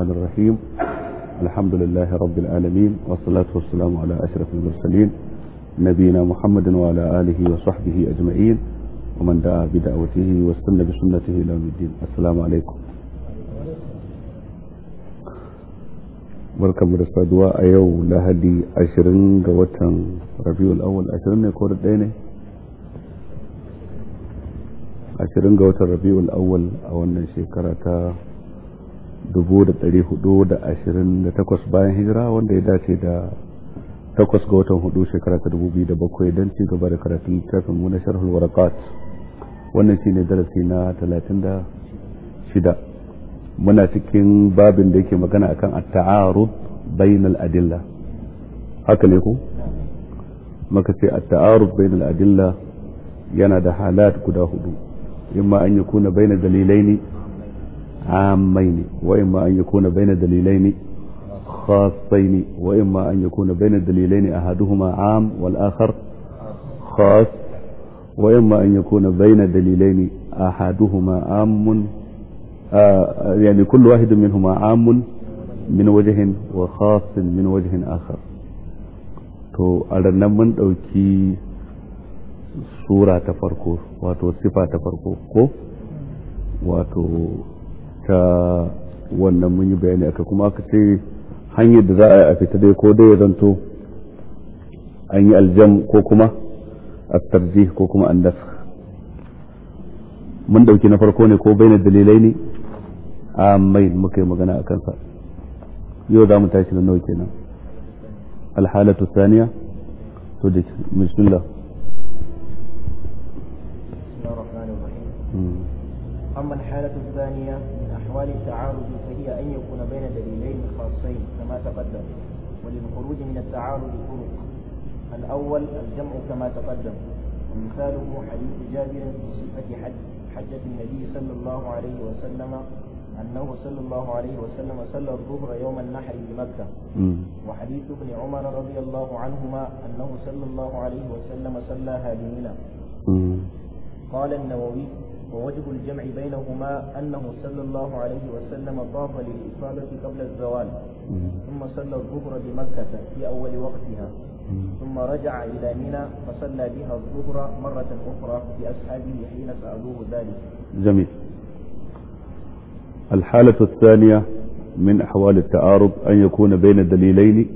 الشيطان الرحيم الحمد لله رب العالمين والصلاة والسلام على أشرف المرسلين نبينا محمد وعلى آله وصحبه أجمعين ومن دعا بدعوته واستنى بسنته إلى الدين السلام عليكم مركب مرسة دعاء يوم لهدي عشرين قوتا ربيع الأول عشرين يقول الديني عشرين قوتا ربيع الأول أولا شكرتا 1428 bayan hijira wanda ya dace da takwas ga watan hudu shekara ta 2007 don ci gaba da karatun littafin mu na sharhul warakat wannan shi shine darasi na shida muna cikin babin da yake magana akan kan taarud bainal adilla haka ne ku maka ce a taarud bainal adilla yana da halat guda hudu imma an yi yakuna dalilai ne عامين وإما أن يكون بين دليلين خاصين وإما أن يكون بين الدليلين أحدهما عام والآخر خاص وإما أن يكون بين دليلين أحدهما عام آه يعني كل واحد منهما عام من وجه وخاص من وجه آخر تو على rannan mun كي sura ta farko wato sifa ta aka wannan mun yi bayani aka kuma aka ce hanyar da za a yi a fita dai ko dai ya zanto an yi aljam ko kuma a ko kuma an mun dauki na farko ne ko bayan dalilai ne a mai muka yi magana a kansa yau za mu tashi na nawa kenan alhalatu saniya to da bismillah أحوال التعارض فهي أن يكون بين دليلين خاصين كما تقدم وللخروج من التعارض طرق الأول الجمع كما تقدم ومثاله حديث جابر في صفة حج حجة النبي صلى الله عليه وسلم أنه صلى الله عليه وسلم صلى الظهر يوم النحر بمكة وحديث ابن عمر رضي الله عنهما أنه صلى الله عليه وسلم صلاها بمنى قال النووي ووجب الجمع بينهما أنه صلى الله عليه وسلم طاف للإصابة قبل الزوال ثم صلى الظهر بمكة في أول وقتها ثم رجع إلى منى فصلى بها الظهر مرة أخرى لأصحابه حين سألوه ذلك جميل الحالة الثانية من أحوال التعارض أن يكون بين دليلين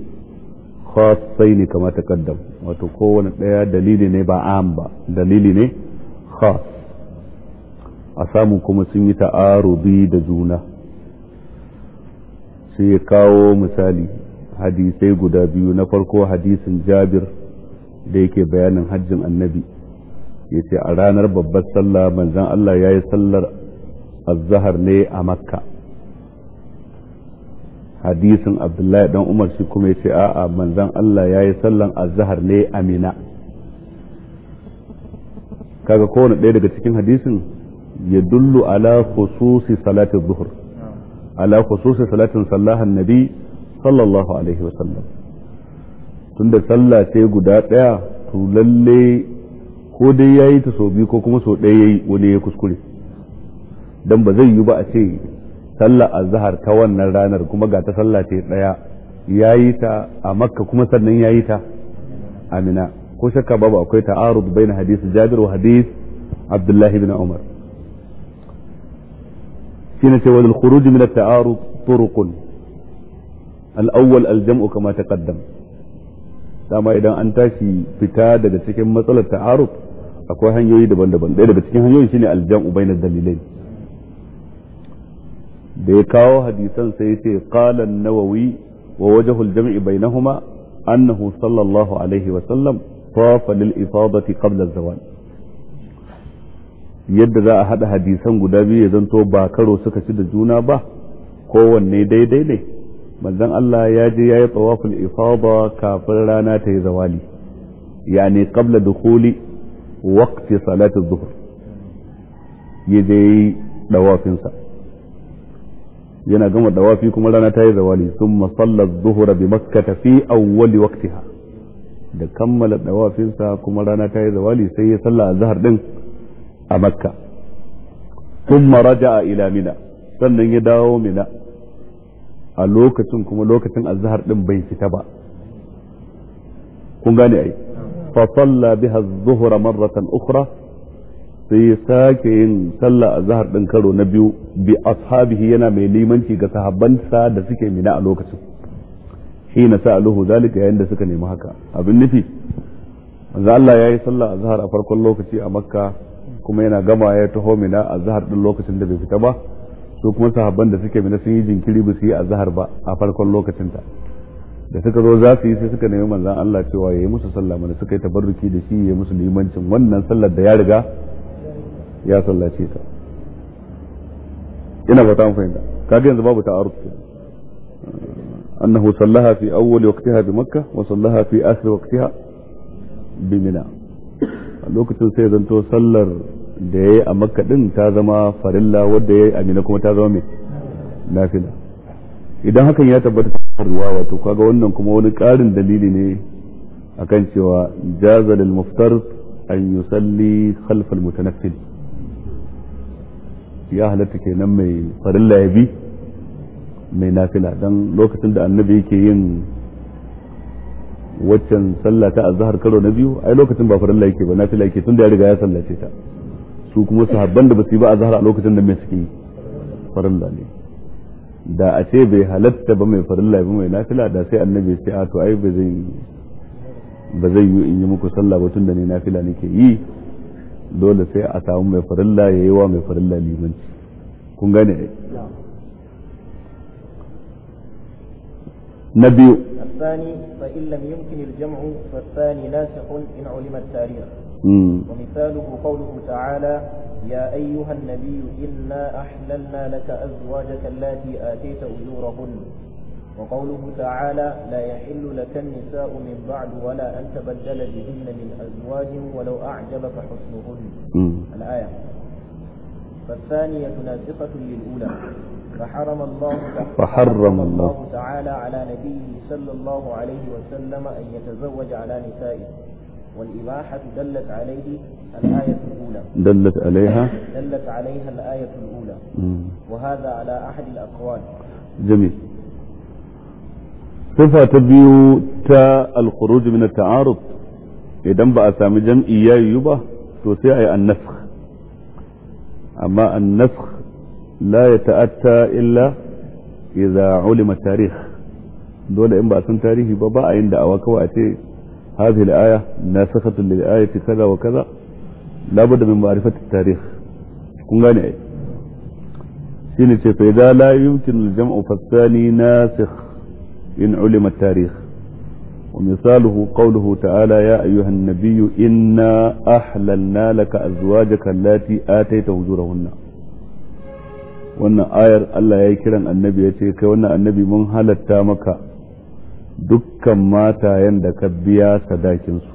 خاصين كما تقدم وتكون دليل نبا عام دليل خاص a samu kuma sun yi ta'arudi da juna sai ya kawo misali hadisai guda biyu na farko hadisin jabir da yake bayanin hajjin annabi ya ce a ranar babbar sallah manzan Allah ya yi sallar azahar ne a makka hadisin abdullahi dan umar shi kuma ya ce a'a manzan Allah ya yi sallar azahar ne a mina kaga kowane ɗaya daga cikin hadisin يدل على خصوص صلاة الظهر على خصوص صلاة صلاها النبي صلى الله عليه وسلم tunda sallah guda ɗaya to lalle ko dai ya yi ta sau biyu ko kuma sau ɗaya ya yi wani ya kuskure don ba zai yi ba a ce sallah zahar ta wannan ranar kuma ga ta sallah ce ɗaya ya yi ta a makka kuma sannan ya yi ta amina ko shakka babu akwai ta'arud baina hadisi jabir wa hadis abdullahi bin umar شينة وللخروج من التعارض طرق الأول الجمع كما تقدم dama idan an tashi fita daga cikin matsalar ta'aruf akwai hanyoyi daban-daban ɗaya daga cikin hanyoyi shine aljam'u bainar dalilai da ya kawo hadisan sai ya ce qala an-nawawi wa wajhu al-jam'i bainahuma annahu sallallahu alaihi wa sallam tawafa lil ifadati qabla az-zawal yadda za a haɗa hadisan guda biyu ya zanto ba karo suka ci da juna ba kowanne daidai ne manzon Allah ya je ya yi tsawaful ifada kafin rana ta yi zawali yani qabla dukhuli waqti salati dhuhr ya je yi sa yana gama dawafi kuma rana ta yi zawali thumma salla dhuhr bi makkah fi awwali waqtiha da kammala sa kuma rana ta yi zawali sai ya salla azhar din a makka kun maraja a ilamina sannan ya dawo mina a lokacin kuma lokacin azhar ɗin bai fita ba kun gane ai fa salla biha adh marratan ukhra sai sake yin sallah azhar din karo na biyu bi ashabihi yana mai limanci ga sahabbansa da suke mina a lokacin hina sa'aluhu zalika yayin da suka nemi haka abin nufi manzo Allah yayi sallah azhar a farkon lokaci a makka kuma yana gama ya taho mina a zahar din lokacin da bai fita ba su kuma sahabban da suke mina sun yi jinkiri ba su yi a zahar ba a farkon lokacin ta da suka zo za su yi sai suka nemi manzan Allah cewa ya yi musu sallah mana suka yi tabarruki da shi ya yi musu limancin wannan sallar da ya riga ya sallace ta ina ba ta da kaga yanzu babu ta'aruf annahu sallaha fi awwal waqtiha bi makkah wa sallaha fi akhir waqtiha bi mina a lokacin sai zanto sallar da ya yi a makka din ta zama farilla wadda ya yi amina kuma ta zama mai nafila idan hakan ya tabbata ta ruwa wato kaga wannan kuma wani ƙarin dalili ne akan cewa jaza lil muftar an yusalli khalf al mutanaffil ya halatta kenan mai farilla ya bi mai nafila dan lokacin da annabi yake yin waccan sallah ta azhar karo na biyu ai lokacin ba farilla yake ba nafila yake tun da ya riga ya sallace ta su kuma sahabban da basu yi ba azhar a lokacin da mai suke yi farilla ne da a ce bai halatta ba mai farilla ba mai nafila da sai annabi sai a to ai ba zai ba zai yi in yi muku sallah ba tun da ne nafila nake yi dole sai a samu mai farilla yayi wa mai farilla limanci kun gane نبي الثاني فإن لم يمكن الجمع فالثاني ناسخ إن علم التاريخ مم. ومثاله قوله تعالى يا أيها النبي إنا أحللنا لك أزواجك التي آتيت أجورهن وقوله تعالى لا يحل لك النساء من بعد ولا أن تبدل بهن من أزواج ولو أعجبك حسنهن الآية فالثانية ناسخة للأولى فحرم الله فحرم الله تعالى على نبيه صلى الله عليه وسلم أن يتزوج على نسائه والإباحة دلت عليه الآية الأولى دلت عليها دلت عليها الآية الأولى وهذا على أحد الأقوال جميل صفة تبيو تا الخروج من التعارض إذا بقى سامي جمعي يا ya توسيع ba أما sai لا يتأتى إلا إذا علم التاريخ دول إن بأسن تاريخي بابا عند دعوة وأتي هذه الآية ناسخة للآية كذا وكذا لا بد من معرفة التاريخ كن غاني أي فإذا لا يمكن الجمع فالثاني ناسخ إن علم التاريخ ومثاله قوله تعالى يا أيها النبي إنا أحللنا لك أزواجك التي آتيت وجورهن wannan ayar Allah ya yi kiran annabi ya ce kai wannan annabi mun halatta maka dukkan matayen da ka biya sadakinsu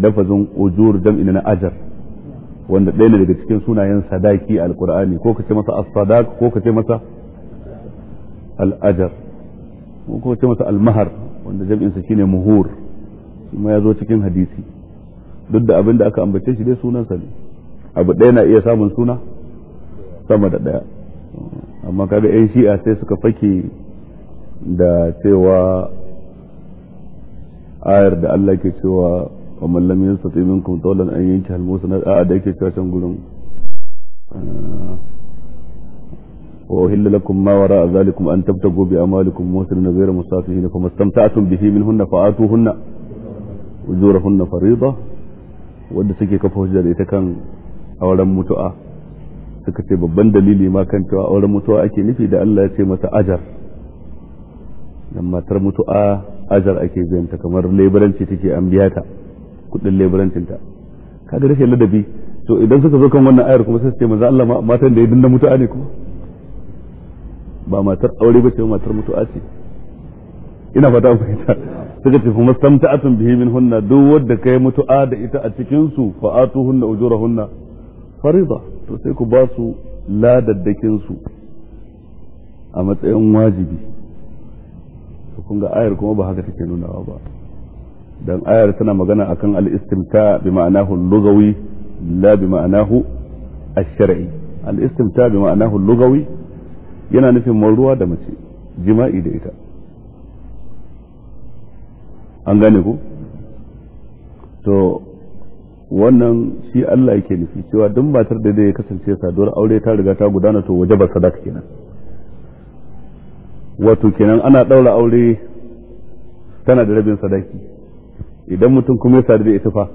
dafazin ujur ina na ajar wanda ɗaya daga cikin sunayen sadaki a alkur'ani ko ka ce masa as-sadaq ko ka ce masa al-ajar ko ce masa al-mahar wanda jam'insa shine muhur kuma ya zo cikin hadisi duk da abin da aka ambace shi dai sunansa ne abu ɗaya na iya samun suna sama da ɗaya amma kaga 'yan shi'a sai suka fake da cewa ayar da Allah ke cewa wa kamar lam yastati minkum tawlan an yanki hal musnad a da yake cewa can gurin wa uhilla lakum ma wara zalikum an tabtagu bi amalikum musrin ghayra musafihin kuma mastamta'tum bihi min minhunna fa atuhunna ujurahunna fariida wanda suke kafa hujjar ita kan auren mutu'a suka ce babban dalili ma kan cewa auren mutuwa ake nufi da Allah ya ce mata ajar dan matar mutuwa ajar ake zanta kamar leburanci take an biya ta kudin leburancin ta kaga rashin ladabi to idan suka zo kan wannan ayar kuma sai su ce manzo Allah matan da ya dinda mutuwa ne kuma ba matar aure ba ce matar mutuwa ce ina fata ku ita suka ce kuma samta'atun bihi min hunna duk wanda kai mutuwa da ita a cikin su fa atuhunna ujurahunna fariḍa to sai ku ba su ladaddakin su a matsayin wajibi to kun ga ayar kuma ba haka take nunawa ba dan ayar tana magana akan al-istimta bi ma'anahu lugawi la bi ma'anahu ash-shar'i al bi ma'anahu lugawi yana nufin maruwa da mace jima'i da ita an gane ku to wannan shi Allah yake nufi cewa duk matar da zai kasance saduwar aure ta riga ta gudana to waje ba sadaka kenan wato kenan ana daura aure tana da rabin sadaki idan mutum kuma ya sadu da ita fa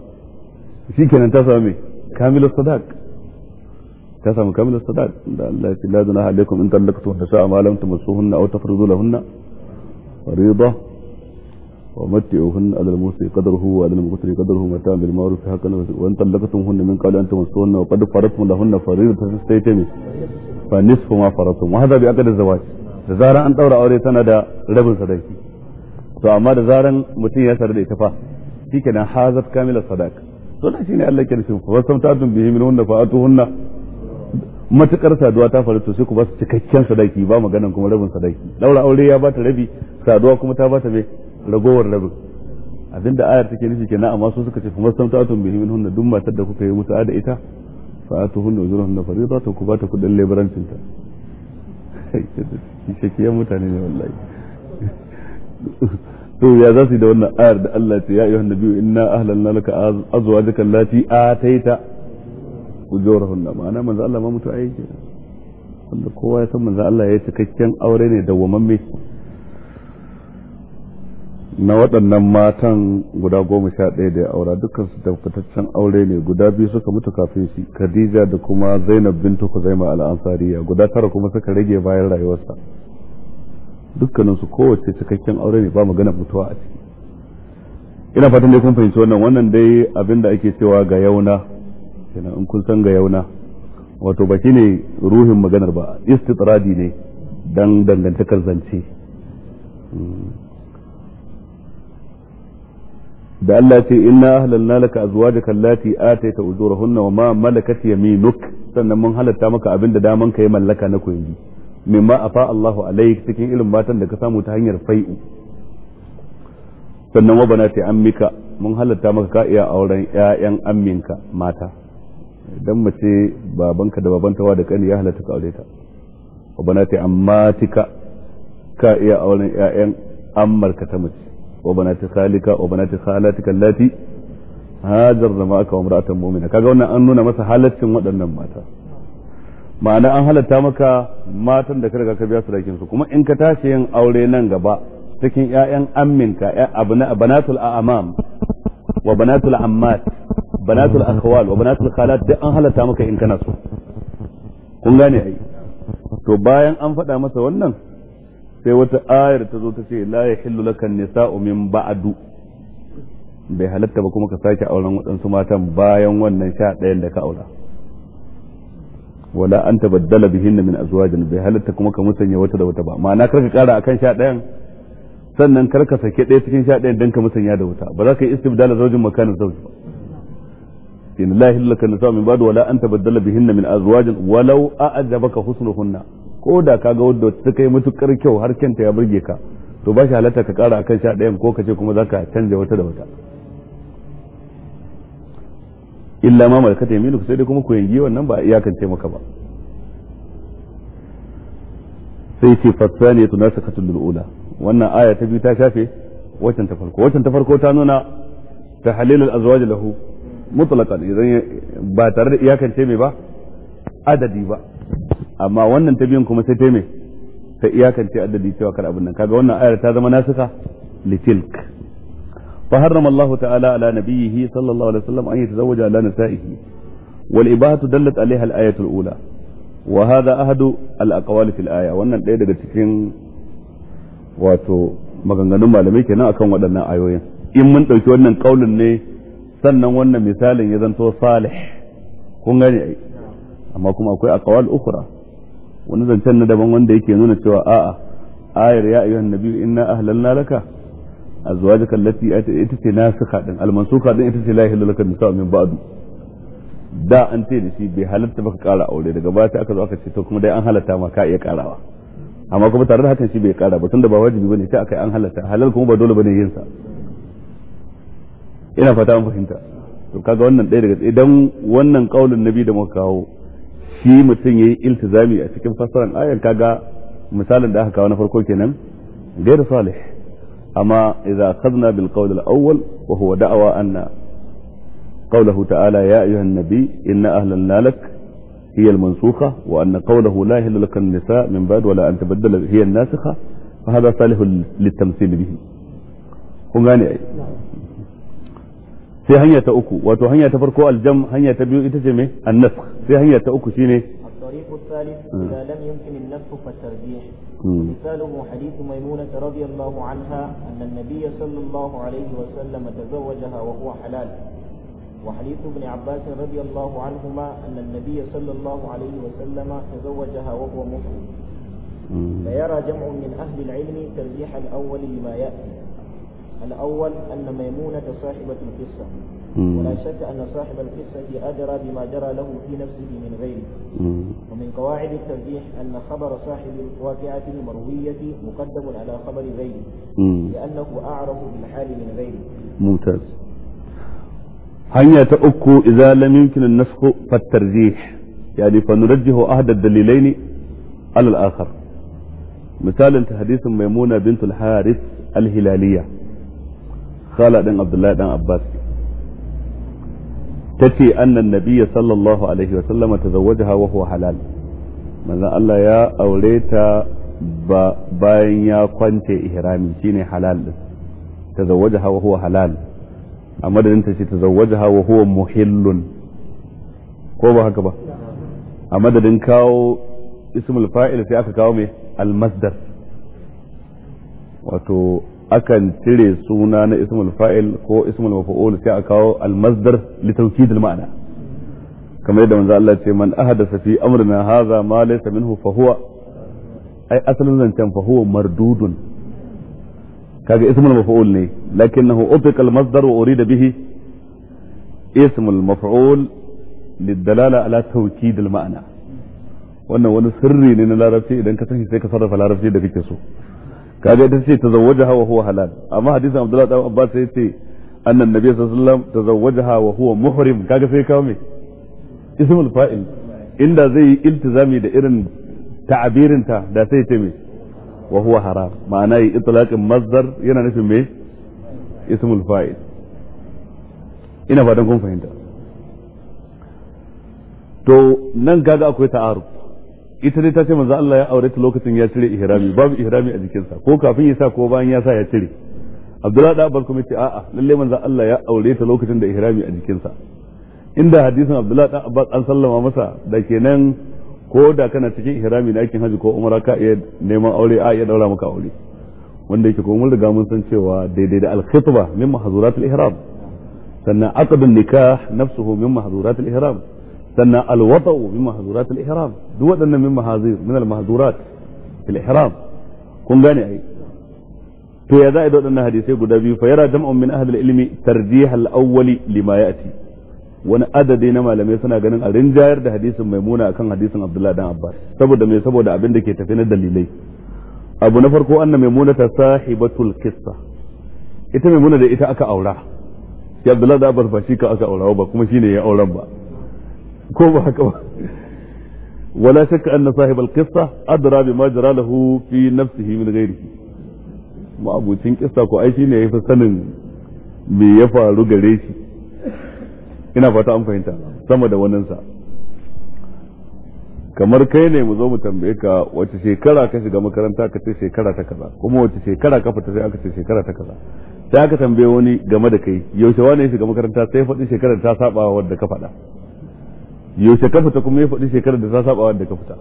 shi kenan ta samu kamilu sadaq ta samu kamilu sadaq da Allah ya ce la zina in tallaqtu wa ma lam tamassuhunna aw tafridu lahunna faridah ومتعوهن على الموسى قدره وعلى المقتر قدره متاعا بالمعروف حقا وان طلقتمهن من قبل ان تمسوهن وقد فرضتم لهن فريضه تستيتم فنصف ما فرضتم وهذا بعقد الزواج da zaran an daura aure tana da rabin sadaki to amma da zaran mutum ya sarar da ita fa shikenan hazat kamila sadaka. to da shine Allah ke nufin fa samtatun bihi min hunna fa atuhunna matukar saduwa ta faru to sai ku ba su cikakken sadaki ba maganan kuma rabin sadaki daura aure ya bata rabi saduwa kuma ta bata me ragowar rabin abinda ayar take nufi kenan amma su suka ce fa mastamta'atun bihi minhunna duk matar da kuka yi musu da ita fa atuhunna ujurahunna fariida to ku bata kudin lebarancin ta shakiyan mutane ne wallahi to ya za su yi da wannan ayar da Allah ce ya ayyuhan nabiyyu inna ahlalna laka azwajaka allati ataita ujurahunna ma'ana manzo Allah ma mutu ayi wanda kowa ya san manzo Allah ya cikakken aure ne da wamamme na waɗannan matan guda goma sha ɗaya da ya aura dukkan su tabbataccen aure ne guda biyu suka mutu kafin shi khadija da kuma zainab bintu zaima al'ansariya guda tara kuma suka rage bayan rayuwarsa dukkaninsu kowace cikakken aure ne ba magana mutuwa a ciki ina fatan dai kun fahimci wannan wannan dai abin da ake cewa ga yauna kenan in kun san ga yauna wato ba shine ruhin maganar ba istitradi ne dan dangantakar zance hmm. da Allah ce inna ahlalna laka azwajaka allati ataita ujurahunna wa ma malakat yaminuk sannan mun halatta maka abin da daman ka yi mallaka na koyi mimma afa Allahu alaik cikin irin matan da ka samu ta hanyar fai'u sannan wa banati ammika mun halatta maka ka iya auren ƴaƴan amminka mata idan mace babanka da babanta wa da kani ya halatta ka aure ta wa banati ammatika ka iya auren ƴaƴan ammarka ta mace وبنات خالك وبنات خالاتك اللاتي هاجرن معك وامرأة مؤمنة kaga wannan an nuna masa halaccin waɗannan mata ma'ana an halatta maka matan da ka riga ka biya sadakin su kuma in ka tashi yin aure nan gaba cikin ƴaƴan amminka banatul a'amam wa banatul ammat banatul akhwal wa banatul khalat duk an halatta maka in kana so kun gane ai to bayan an faɗa masa wannan sai wata ayar ta zo ta ce la yahillu laka nisa'u min ba'du bai halatta ba kuma ka sake auren waɗansu matan bayan wannan sha ɗayan da ka aura wala an tabaddala bihinna min azwajin bai halatta kuma ka musanya wata da wata ba ma'ana karka kara akan sha ɗayan sannan karka sake ɗaya cikin sha ɗayan dan ka musanya da wata ba za ka yi istibdala zaujin makanin zauji ba in la yahillu laka nisa'u min ba'du wala an tabaddala bihinna min azwajin walau a'jabaka husnuhunna ko da ka ga wadda ta kai matukar kyau har kyanta ya burge ka to ba shi halatta ka kara akan sha ɗayan ko ka ce kuma za ka canja wata da wata illa ma malakata yaminu sai dai kuma ku yangi wannan ba ce maka ba sai ce tunasa tunasakatul lul'ula wannan aya ta biyu ta shafe waccan ta farko waccan ta farko ta nuna ta halilul azwaj lahu mutlaqan idan ba tare da iyakance mai ba adadi ba amma wannan ta biyun kuma sai ta mai ta iyakance addadi cewa kar abin nan kaga wannan ayar ta zama nasuka litilk fa harrama Allah ta'ala ala nabiyhi sallallahu alaihi wasallam an yatazawwaja ala nisa'ihi wal ibahatu dallat alaiha al ayatu al ula wa hadha ahadu al aqwal fil aya wannan ɗaya daga cikin wato maganganun malamai kenan akan waɗannan ayoyin in mun ɗauki wannan kaulin ne sannan wannan misalin ya zanto salih kun gani ai amma kuma akwai aqwal ukhra wani zancen na daban wanda yake nuna cewa a'a ayar ya ayyuhan nabi inna ahlalna laka azwajaka allati ita ce nasikha din almansuka din ita ce la ilaha laka nisa min ba'du da an ce da shi bai halatta baka kara aure daga baya sai aka zo aka ce to kuma dai an halatta ma ka iya karawa amma kuma tare da hakan shi bai kara ba tunda ba wajibi bane sai aka yi an halatta halal kuma ba dole bane yin sa ina fata an fahimta to kaga wannan ɗaya daga idan wannan kaulin nabi da muka kawo shi mutum yayi iltizami a cikin fassarar ayar kaga misalin da aka kawo na farko kenan غير صالح أما إذا أخذنا بالقول الأول وهو دعوى أن قوله تعالى يا أيها النبي إن أهلنا لك هي المنسوخة وأن قوله لا يهل لك النساء من بعد ولا أن تبدل هي الناسخة فهذا صالح للتمثيل به هم يعني sai hanya ta uku wato hanya ta farko aljam hanya ta biyu ita ce me annas sai hanya ta uku shine الطريق الثالث إذا لم يمكن النفخ فالترجيح مثاله حديث ميمونة رضي الله عنها أن النبي صلى الله عليه وسلم تزوجها وهو حلال وحديث ابن عباس رضي الله عنهما أن النبي صلى الله عليه وسلم تزوجها وهو محرم فيرى جمع من أهل العلم ترجيح الأول لما يأتي الأول أن ميمونة صاحبة القصة ولا شك أن صاحب القصة أدرى بما جرى له في نفسه من غيره ومن قواعد الترجيح أن خبر صاحب الواقعة المروية مقدم على خبر غيره لأنه أعرف بالحال من غيره ممتاز هنيا تأكو إذا لم يمكن النسخ فالترجيح يعني فنرجه أحد الدليلين على الآخر مثال حديث ميمونة بنت الحارث الهلالية khala din abdullahi dan abbas tace annan nabiyya sallallahu alaihi wa sallama tazawwajaha wa huwa halal manzon Allah ya aure ta ba bayan ya kwance ihrami shine halal din tazawwajaha wa huwa halal a ce muhillun ko ba haka ba a madadin kawo ismul fa'il sai aka kawo mai almasdar wato akan cire suna na ismul fa'il ko ismul maf'ul sai a kawo almasdar li tawkid ma'ana kamar yadda manzo Allah ce man ahadasa fi amrina hadha ma laysa minhu fa huwa ai asalin zancen fa huwa mardudun kaga ismul maf'ul ne lakinnahu utqa almasdar wa urida bihi ismul maf'ul للدلالة على توكيد المعنى wannan wani sirri ne na larabci idan ka sani sai ka sarrafa larabci da kake so kaga ita ce tazawwajaha wa huwa halal amma hadisin Abdullah dan Abbas sai ce annan nabi sallallahu alaihi wasallam tazawwajaha wa huwa muhrim kaga sai kawo me ismul fa'il inda zai yi iltizami da irin ta'abirin ta da sai ce me wa huwa haram ma'ana yi itlaqin mazdar yana nufin me ismul fa'il ina fatan kun fahimta to nan kaga akwai ta'aruf ita dai ta ce manzo Allah ya aure ta lokacin ya cire ihrami babu ihrami a jikinsa ko kafin ya sa ko bayan ya sa ya cire Abdullahi da Abbas kuma ce a'a lalle manzo Allah ya aure ta lokacin da ihrami a jikinsa inda hadisin Abdullahi da Abbas an sallama masa da kenan ko da kana cikin ihrami na aikin haji ko umara ka iya neman aure a iya daura maka aure wanda yake kuma mun riga mun san cewa daidai da al-khitba min mahzuratul ihram sannan aqdun nikah nafsuhu min mahzuratul ihram sannan alwada'u bi mahzurat al-ihram duk waɗannan min mahazir min al-mahzurat al-ihram kun gane ai to ya za'i da waɗannan hadisai guda biyu fa yara jam'un min ahli al-ilmi tarjih al-awwali lima ya'ti wani adadi na malamai suna ganin a rinjayar da hadisin maimuna akan hadisin abdullahi dan abbas saboda me saboda abin da ke tafi na dalilai abu na farko anna maimuna ta sahibatul qissa ita maimuna da ita aka aura ya abdullahi dan abbas ba shi ka aka aura ba kuma shine ya auren ba ko ba haka ba wala shakka anna sahib al-qissa adra bima jara lahu fi nafsihi min ghairihi ma abucin kissa ko ai shine yafi sanin me ya faru gare shi ina fata an fahimta sama da wannan sa kamar kai ne mu zo mu tambaye ka wace shekara ka shiga makaranta ka ce shekara ta kaza kuma wace shekara ka fita sai aka ce shekara ta kaza sai aka tambaye wani game da kai yaushe wani ya shiga makaranta sai faɗi shekarar ta saba wadda ka faɗa yaushe ka fita kuma ya faɗi shekarar da ta saba wanda ka fita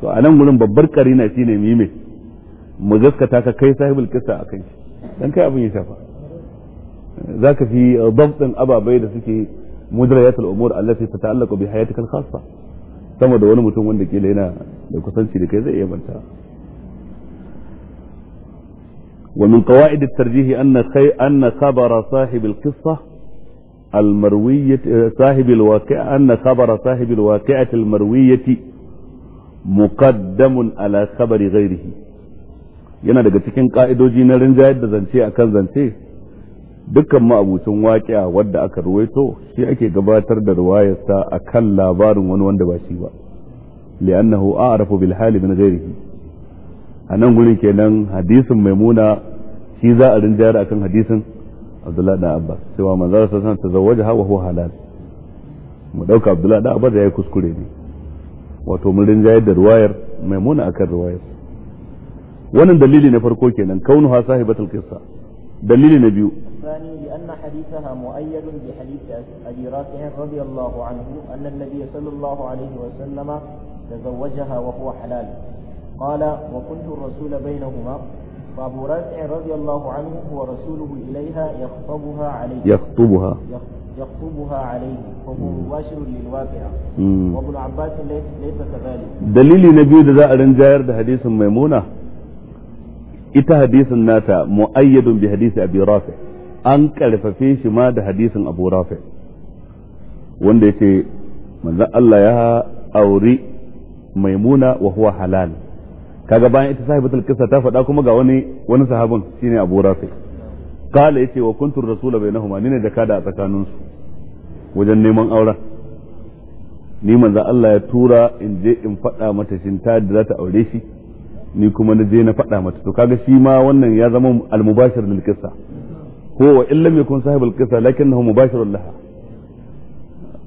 to a nan gurin babbar karina shi ne mime mu gaskata ka kai sahibul kissa a shi dan kai abin ya shafa za ka fi dabtin ababai da suke mudrayatul umur allati ta'allaka bi hayatika al-khassa sama da wani mutum wanda kila yana da kusanci da kai zai iya manta ومن قواعد الترجيح أن خي... أن خبر صاحب القصة المروية صاحب الواقع أن خبر صاحب الواقعة المروية مقدم على خبر غيره yana daga cikin ka'idoji na rinjayar da zance a kan zance dukkan ma'abucin waƙiya wadda aka ruwaito shi ake gabatar da ruwayarsa a kan labarin wani wanda ba shi ba li'annahu a'rafu bil hali min ghairihi a nan gurin kenan hadisin maimuna shi za a rinjayar akan hadisin عبد الله بن عباس سوى من ذلك سنة تزوجها وهو حلال مدوك عبد الله بن عباس يا كسكولي وتوم لين جاي دروير ميمونة أكر دروير وانا دليلي نفرقوا كينا كونها صاحبة القصة دليل النبي الثاني لأن حديثها مؤيد بحديث أبي رافع رضي الله عنه أن النبي صلى الله عليه وسلم تزوجها وهو حلال قال وكنت الرسول بينهما وأبو رافع رضي الله عنه هو رسوله إليها يخطبها عليه يخطبها يخطبها عليه فهو مباشر للواقعة وابو العباس ليس كذلك دليل نبي ذا جاير ده حديث ميمونة ita hadisin nata mu'ayyadun bi hadisi abi rafi an karfafe shi ma da hadisin abu rafi wanda yake manzon Allah ya auri maimuna wa huwa halal kaga bayan ita sahibatul qissa ta faɗa kuma ga wani wani sahabin shine Abu Rafi kala yace wa kuntur rasula bainahuma ni ne da kada a tsakanin su wajen neman auren ni manzo Allah ya tura in je in faɗa mata shin ta da zata aure shi ni kuma na je na faɗa mata to kaga shi ma wannan ya zama al-mubashir lil qissa huwa in lam yakun sahibul qissa lakinnahu mubashirun laha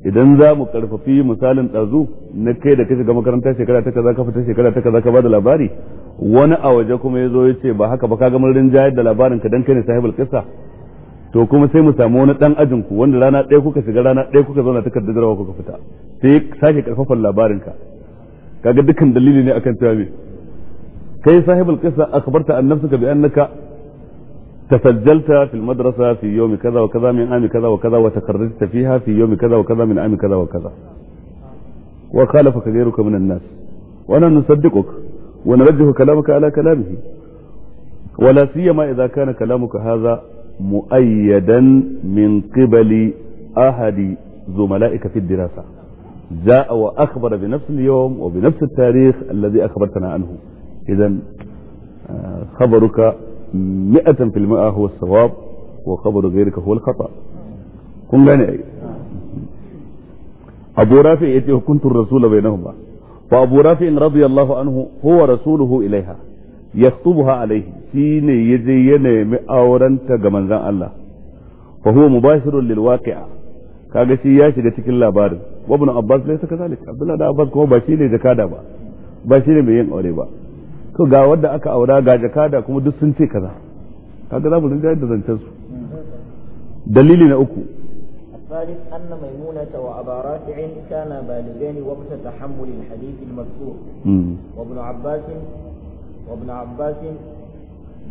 idan za mu karfafi misalin ɗazu na kai da ka ga makaranta shekara ta kaza ka fita shekara ta kaza ka ba da labari wani a waje kuma ya zo ya ce ba haka ba ka ga rin jayar da labarin ka dan kai ne sahibul qissa to kuma sai mu samu wani dan ajin ku wanda rana ɗaya kuka shiga rana ɗaya kuka zauna takardar jarawa kuka fita sai sake karfafan labarin ka kaga dukkan dalili ne akan cewa me kai sahibul qissa barta an ka bi annaka تسجلت في المدرسة في يوم كذا وكذا من عام كذا وكذا وتخرجت فيها في يوم كذا وكذا من عام كذا وكذا وخالف كثيرك من الناس وانا نصدقك ونرجه كلامك على كلامه ولا سيما إذا كان كلامك هذا مؤيدا من قبل أحد زملائك في الدراسة جاء وأخبر بنفس اليوم وبنفس التاريخ الذي أخبرتنا عنه إذا آه، خبرك مئة في المئة هو الصواب وخبر غيرك هو الخطأ قم لنا أي أبو رافع يتيه كنت الرسول بينهما فأبو رافع رضي الله عنه هو رسوله إليها يخطبها عليه سين يزين مئورا كمن ذا الله فهو مباشر للواقع كاغا سياش يتيك الله بارد وابن عباس ليس كذلك عبد الله عباس كو باشيني زكادة با باشيني بيين أوري so ga wanda aka aura ga jakada kuma duk sun ce kaza kaga za mu rinja da zancen su dalili na uku الثالث أن ميمونة وأبا رافع كانا بالغين وقت تحمل الحديث المذكور وابن عباس وابن عباس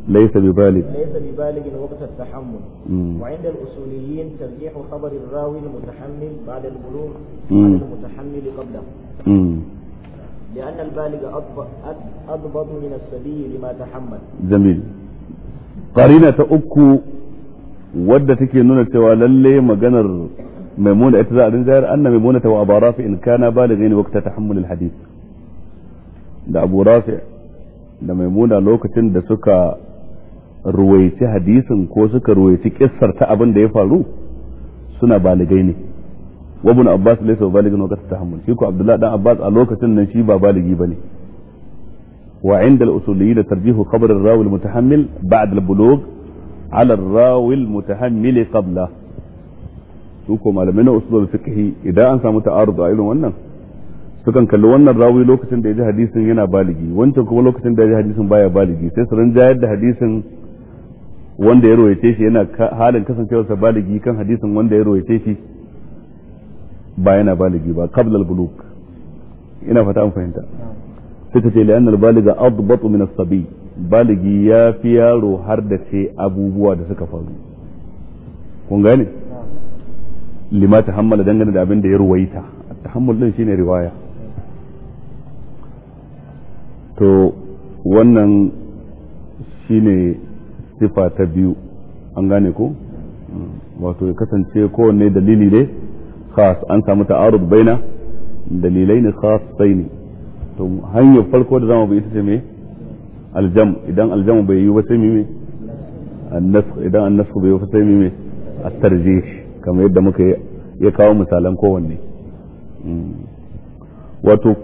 ليس ببالغ ليس ببالغ وقت التحمل مم. وعند الأصوليين ترجيح خبر الراوي المتحمل بعد البلوغ عن المتحمل قبله لأن البالغ أضبط من السبيل لما تحمل جميل قارينة أكو ودة تكي نونة واللي مجنر ميمونة اتزاء رنزير أن ميمونة وأبا رافع إن كان بالغين وقت تحمل الحديث ده أبو رافع ده ميمونة لوكت ده سكا رويتي حديث كو سكا رويتي كسر تأبن ديفالو يفعلو سنة بالغيني wa ibn abbas laysa baligan wa qad tahammul shi ko abdullah dan abbas a lokacin nan shi ba baligi bane wa inda al-usuliyyin tarjihu qabr ar-rawi al-mutahammil ba'da al-bulugh ala ar-rawi al-mutahammil qabla su ko malamai na usulul fiqh idan an samu ta'arud a irin wannan su kan kalli wannan rawi lokacin da ya ji hadisin yana baligi wancan kuma lokacin da ya ji hadisin baya baligi sai su rinjayar da hadisin wanda ya royace shi yana halin kasancewarsa baligi kan hadisin wanda ya royace shi ba yana baligi ba qabla al ina fata an fahimta sai ta ce li anna baliga adbatu min as-sabi baligi ya fi yaro har da ce abubuwa da suka faru kun gane lima ta dangane da abin da ya ruwaita tahammul din shine riwaya to wannan shine sifa ta biyu an gane ko wato ya kasance kowanne dalili ne خاص أن سامو تعارض بين دليلين خاصين ثم هاي يفعل كود زمو بيتسمي الجم إذا الجم بيو بسمي النسخ إذا النسخ بيو بسمي الترجيح كما يدمك يكاو مثالا كواني وتو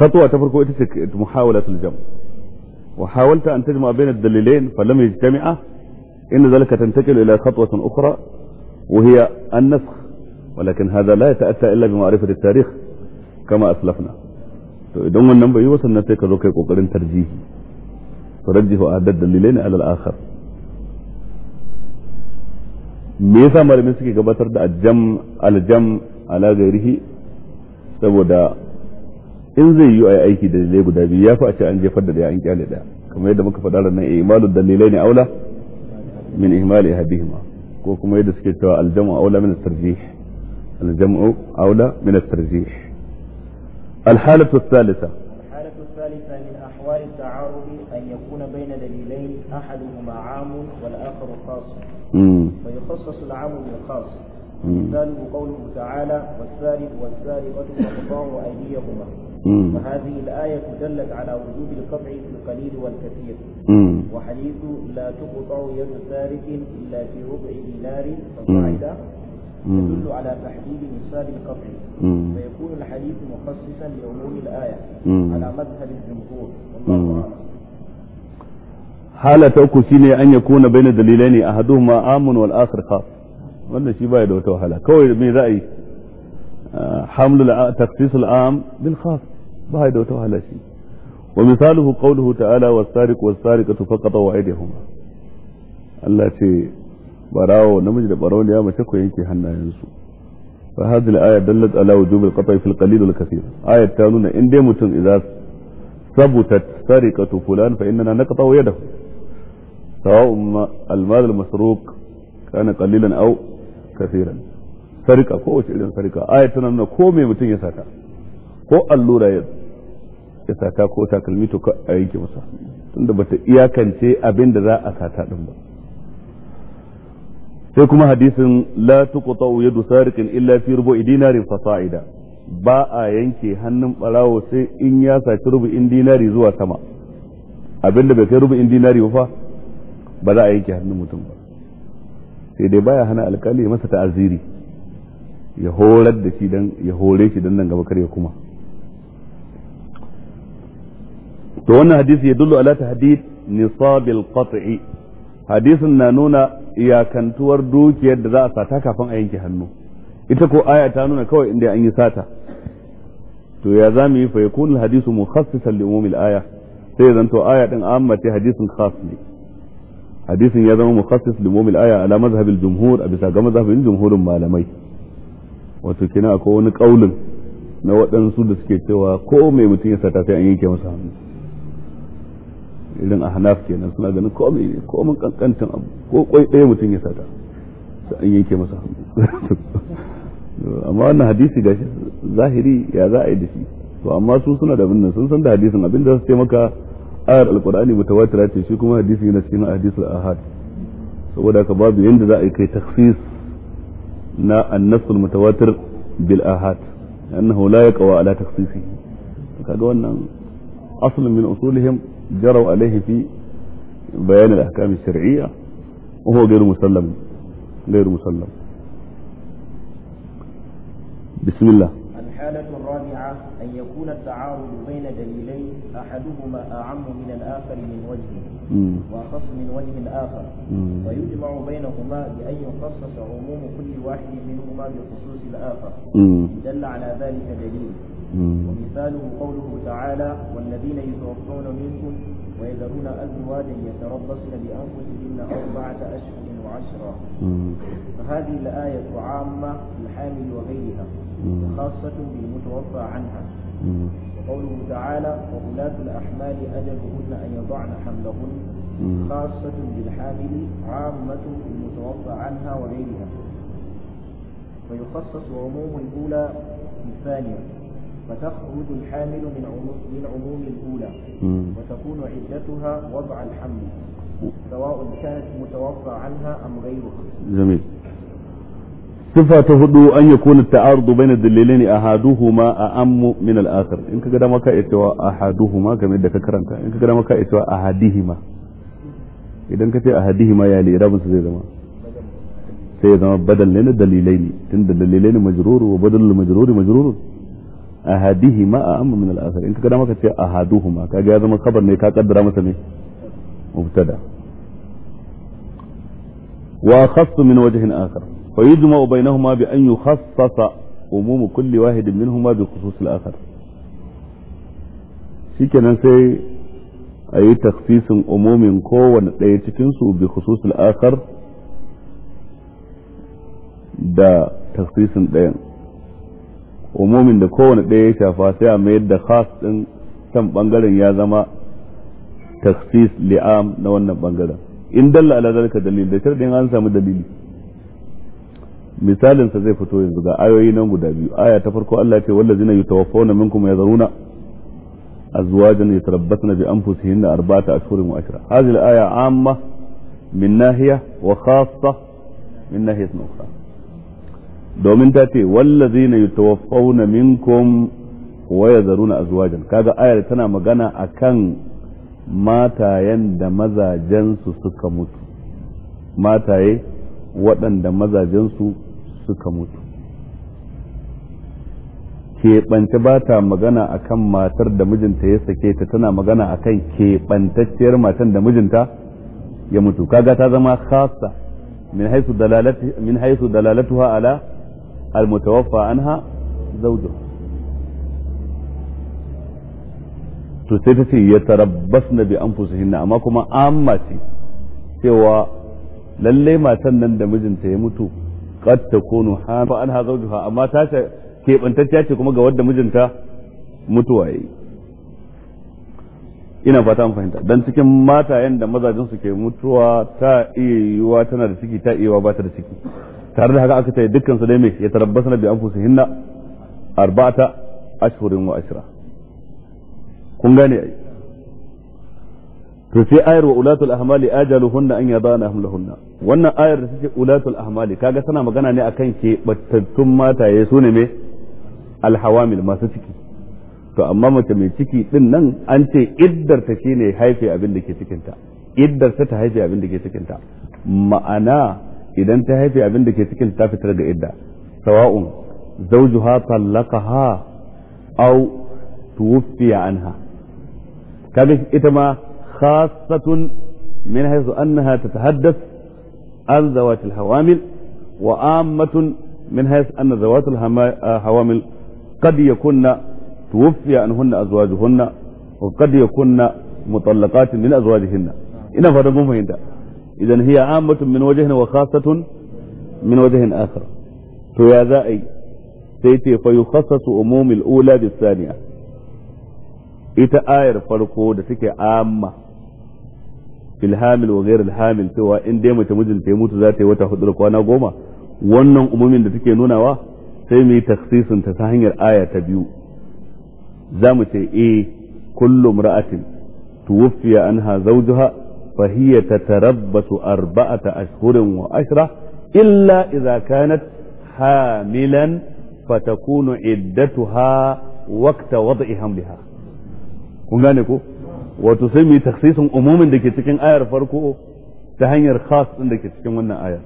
خطوة تفرقو إتسك إيه إيه محاولة الجم وحاولت أن تجمع بين الدليلين فلم يجتمعا إن ذلك تنتقل إلى خطوة أخرى وهي النسخ ولكن هذا لا يتأتى إلا بمعرفة التاريخ كما أسلفنا to idan wannan bai yi wasan na sai ka zo kai kokarin tarjihi turajjihu adad dalilain ala al-akhar me yasa malamin suke gabatar da aljam aljam ala gairihi saboda in zai yi ai aiki da dalilai guda biyu ya a ce an jefar da daya an kyale daya kamar yadda muka faɗa ranar imalu dalilai ne aula min ihmali hadihima ko kuma yadda suke cewa aljamu aula min tarjih الجمع أولى من الترجيح الحالة الثالثة الحالة الثالثة من أحوال التعارض أن يكون بين دليلين أحدهما عام والآخر خاص ويخصص العام بالخاص مثاله قوله تعالى والثالث والثالثة فقطعوا أيديهما وهذه الآية دلت على وجوب القطع في القليل والكثير وحديث لا تقطع يد ثالث إلا في ربع دينار فصعد يدل على تحديد مثال القطع فيكون الحديث مخصصا لعموم الآية على مذهب الجمهور حالة أكو سيني أن يكون بين دليلين أحدهما آمن والآخر خاف ولا شيء بايد وتوحلا كوي من رأي آه، حمل تخصيص العام بالخاف بايد وتوحلا شيء ومثاله قوله تعالى والسارق والسارقة فقط وعيدهما الله barawo namiji da barawo ya mace ko yanke hannayensu fa hadhihi al-aya dallat ala wujub al qatai fi al-qalil wal kathir ayat ta nuna in dai mutum idza sabutat sariqatu fulan fa inna naqta'u yadahu sawa'un al-mal al-masruq kana qalilan aw kathiran sarika ko wace irin sarika ayat tana nuna ko mai mutum ya sata ko allura ya ya sata ko takalmi to ka yanke masa tunda bata iyakance abin da za a sata din ba sai kuma hadisin la tuqta yadu sariqin illa fi rubu'i dinarin fasa'ida ba a yanke hannun barawo sai in ya saci rubu'in dinari zuwa sama abinda bai kai rubu'in dinari ba fa ba za a yanke hannun mutum ba sai dai baya hana alkali ya masa ta'aziri ya horar da shi dan ya hore shi dan nan gaba kar ya kuma to wannan hadisi ya dullu ala tahdid nisabil qat'i hadisin na nuna iyakantuwar dukiyar da za a sata kafin a yanke hannu ita ko aya ta nuna kawai inda an yi sata to ya za mu yi fa yakun hadisu mukhassisan li umumil aya sai zan to aya din amma ce hadisin khas ne hadisin ya zama mukhassis li umumil aya ala mazhabil jumhur a bisa ga mazhabin jumhurin malamai wato kina akwai wani kaulin na waɗansu da suke cewa ko mai mutum ya sata sai an yanke masa hannu irin ahnaf kenan suna ganin komai ne komai kankantan abu ko kwai ɗaya mutum ya sata sai an yanke masa amma wannan hadisi gashi zahiri ya za a yi da shi to amma su suna da binnan sun san da hadisin abin da su ce maka ayar alqur'ani mutawatira ce shi kuma hadisi yana cikin a ahad saboda ka babu yanda za a yi kai takhsis na annasul mutawatir bil ahad annahu la yaqwa ala takhsisi kaga wannan aslun min usulihim جروا عليه في بيان الأحكام الشرعية وهو غير مسلم غير مسلم بسم الله الحالة الرابعة أن يكون التعارض بين دليلين أحدهما أعم من الآخر من وجهه وأخص من وجه آخر ويجمع بينهما بأن يخصص عموم كل واحد منهما بخصوص الآخر دل على ذلك دليل ومثاله قوله تعالى والذين يتوفون منكم ويذرون أزواجا يتربصن بأنفسهن أربعة أشهر وعشرا فهذه الآية عامة للحامل وغيرها وخاصة بالمتوفى عنها وقوله تعالى وولاة الأحمال أجلهن أن يضعن حملهن خاصة بالحامل عامة بالمتوفى عنها وغيرها ويخصص عموم الأولى بالثانية فتخرج الحامل من عموم من عموم الأولى وتكون عدتها وضع الحمل سواء كانت متوفى عنها أم غيرها جميل صفة هدو أن يكون التعارض بين الدليلين أحدهما أأم من الآخر إن كده ما كأتوا أحدهما كما يدك كرنك إن كده ما كأتوا أحدهما إذا كتي أحدهما يعني إرابة زي زمان sai ya zama badal الدليلين na dalilai ne tun da ma a amma min al in ka gada maka ce ahaduhuma kaga ya zama kabar ne ka kaddara masa ne mubtada wa khassu min wajhin akhar fa yujma'u bainahuma bi an yukhassasa umum kulli wahidin minhuma bi khusus al shikenan sai a yi taksisin umumin kowane ɗaya cikinsu bi khusus akhar da taksisin ɗayan umumin da kowane ɗaya ya shafa sai a mayar da khas ɗin kan ɓangaren ya zama taksis li'am na wannan ɓangaren in dalla ala zalika dalil da sharɗin an samu dalili misalinsa zai fito yanzu ga ayoyi nan guda biyu aya ta farko Allah ce wallazina yutawaffawna minkum ya azwajan yatarabbasna bi anfusihinna arba'ata ashhurin wa ashra hadhihi al-aya 'amma min nahiya wa khassa min nahiya ukhra domin ta ce yi yatawaffawna minkum zaru na azuwajen kaga ayar tana magana a kan matayen da mazajensu suka mutu mataye waɗanda mazajensu suka mutu keɓance ba ta magana a kan matar da mijinta ya sake ta tana magana a kan keɓantacciyar matan da mijinta ya mutu kaga ta zama khasa min haisu dalalatuha ala المتوفى عنها زوجها to sai ta ce ya tarabbas na bi hinna amma kuma an ce cewa lalle matan nan da mijinta ya mutu qad takunu hafa anha zawjuha amma ta ce kebantacciya ce kuma ga wanda mijinta mutuwa ya yi ina fata an fahimta dan cikin mata yadda mazajin ke mutuwa ta iya yiwa tana da ciki ta iya ba ta da ciki tare da haka aka ce dukkan su dai me ya na bi hinna arba'ata ashhurin wa ashra kun gane ai to sai ayar wa ulatul ahmali ajaluhunna an yadana hamlahunna wannan ayar da take ulatul ahmali kaga tana magana ne akan ke battattun mataye su ne me alhawamil masu ciki to amma mace mai ciki din nan an ce iddar ta shine haife abin da ke cikinta iddar ta ta haife abin da ke cikinta ma'ana idan ta haife abin da ke cikin ta fitar da idda sawa'un zawjuha talaqaha aw tuwfiya anha kaga ita ma khassatun min haythu annaha tatahaddath an zawat al-hawamil wa ammatun min haythu anna zawat al-hawamil qad yakunna توفي عنهن أزواجهن وقد يكن مطلقات من أزواجهن إن فهذا fahimta idan hiya ammatun min wajhin wa khassatun min wajhin akhar to ya za a yi sai ce fa yukhassasu umumil ula bis thaniya ita ayar farko da take amma fil hamil wa ghairil hamil cewa in dai mace mijinta ya mutu za ta yi wata hudu kwana goma wannan umumin da take nunawa sai mu yi taksisin ta ta hanyar aya ta biyu za mu ce eh kullu imra'atin tuwfiya anha zawjuha فهي تتربص أربعة أشهر وعشرة إلا إذا كانت حاملا فتكون عدتها وقت وضع حملها كنغانيكو وتسمي تخصيص أموم دكي تكين آية فاركو تهنير خاص دكي تكين ونا آية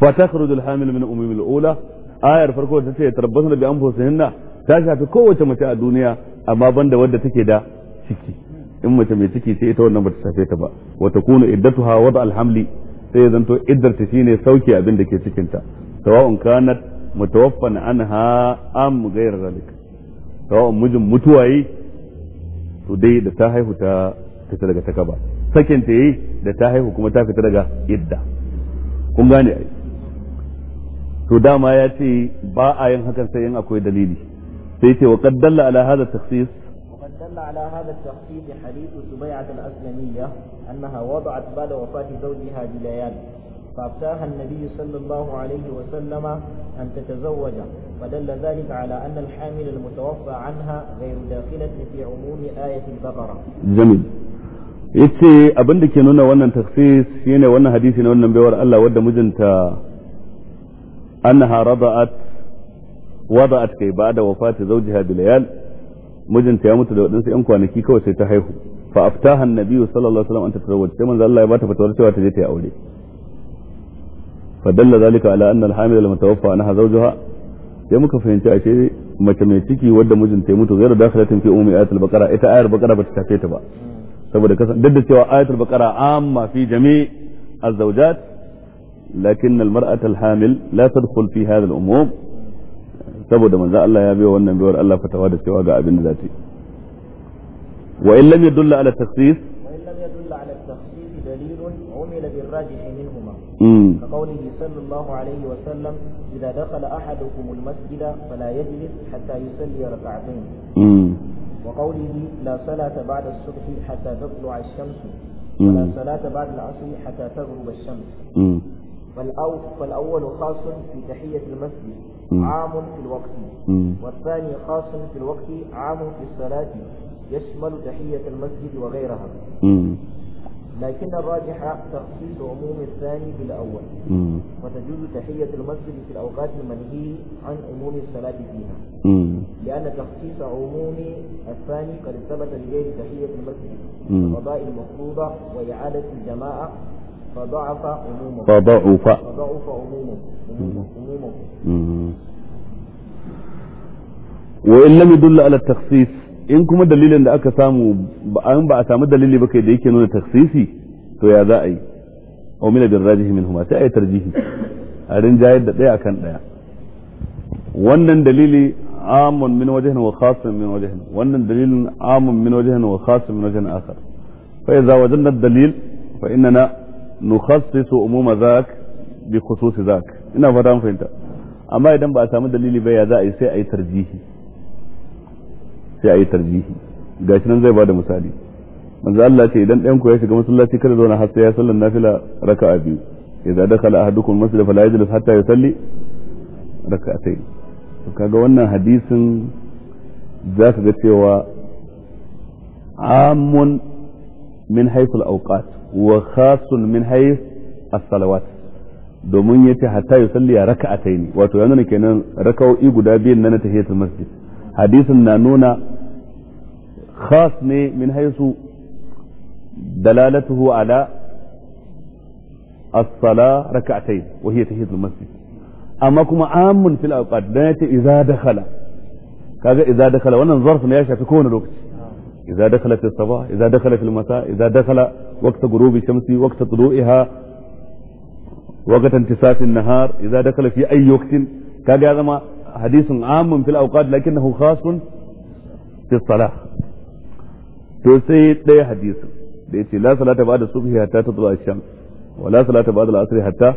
فتخرج الحامل من أموم الأولى آية فاركو تسي يتربصن بأنفسهن تاشا في قوة ما الدنيا أما بند ودتك دا شكي in mace mai ciki ce ita wannan bata shafe ta ba wa iddatu iddatuha wada alhamli sai zanto iddar ta shine sauke abin da ke cikin ta sawa'un kanat mutawaffan anha am ghayr zalik sawa'un mijin mutuwaye to dai da ta haihu ta fita daga takaba sakin ta yi da ta haihu kuma ta fita daga idda kun gane ai to dama ya ce ba a yin hakan sai in akwai dalili sai ce wa qaddalla ala hadha takhsis دل على هذا التخصيص حديث سبيعة الأسلمية أنها وضعت بعد وفاة زوجها بليال فأفتاها النبي صلى الله عليه وسلم أن تتزوج ودل ذلك على أن الحامل المتوفى عنها غير داخلة في عموم آية البقرة جميل yace abin da ke nuna wannan taksis shine wannan hadisi na wannan baiwar Allah wadda mijinta annaha rada'at wada'at kai ba da wafati zawjiha bilayal mijinta ya mutu da wadansu yan kwanaki kawai sai ta haihu fa aftaha annabi sallallahu alaihi wasallam an tatazawwaj sai manzo Allah ya bata fatawar cewa ta je ta yi aure fa dalla zalika ala anna al-hamil al-mutawaffa anha zawjuha sai muka fahimci a ce mace mai ciki wadda mijinta ya mutu zai da dakhilatin fi ummi ayatul baqara ita ayar baqara ba ta tafe ta ba saboda kasan duk da cewa ayatul baqara amma fi jami' az-zawjat lakin al-mar'atu al-hamil la tadkhul fi hadha al-umum saboda manzo Allah ya biyo wannan biyar Allah fatawa da cewa ga abin da zai wa in lam yadulla ala takhsis wa in lam yadulla ala takhsis dalilun umila bil rajih minhuma كقوله صلى الله عليه وسلم إذا دخل أحدكم المسجد فلا يجلس حتى يصلي ركعتين وقوله لا صلاة بعد الصبح حتى تطلع الشمس ولا صلاة بعد العصر حتى تغرب الشمس فالأول خاص في تحية المسجد عام في الوقت والثاني خاص في الوقت عام في الصلاة يشمل تحية المسجد وغيرها لكن الراجح تخصيص عموم الثاني بالأول وتجوز تحية المسجد في الأوقات المنهي عن عموم الصلاة فيها لأن تخصيص عموم الثاني قد ثبت لغير تحية المسجد قضاء المفروضة وإعادة الجماعة فضعف عموما فضعف فضعف عموما وان لم يدل على التخصيص ان كما دليل ان aka samu an ba a samu dalili ba kai da yake nuna taksisi to ya او من الدراجه منهما تأي ترجيه أرين جايد دي أكن دي ونن دليل عام من وجه وخاص من وجه وانن دليل عام من وجه وخاص من وجه آخر فإذا وجدنا الدليل فإننا nukhassisu umuma zak bi khususi zak ina fata an fahimta amma idan ba a samu dalili ba ya za a yi sai a yi tarjihi sai a yi tarjihi gashi nan zai bada misali manzo Allah ce idan ɗayan ku ya shiga masallaci kada zauna har sai ya sallan nafila raka'a biyu idza dakhala ahadukum masjid fala yajlis hatta yusalli raka'atayn to kaga wannan hadisin ka ga cewa amun min haythu al-awqat wa khasun min hayth as-salawat domin yace hatta yusalli raka'ataini wato ya nuna kenan raka'o'i guda biyan na tahiyatul masjid hadisin na nuna khas ne min haythu dalalatuhu ala as-sala raka'atayn wa hiya tahiyatul masjid amma kuma amun fil awqat dan yace idza dakhala kaga idza dakhala wannan zarf ne ya shafi kowane lokaci idza dakhala fi sabah idza dakhala fil masa idza dakhala وقت غروب الشمس وقت طلوعها وقت انتصاف النهار اذا دخل في اي وقت كان هذا حديث عام في الاوقات لكنه خاص في الصلاه تو سي دي حديث ديتي لا صلاه بعد الصبح حتى تطلع الشمس ولا صلاه بعد العصر حتى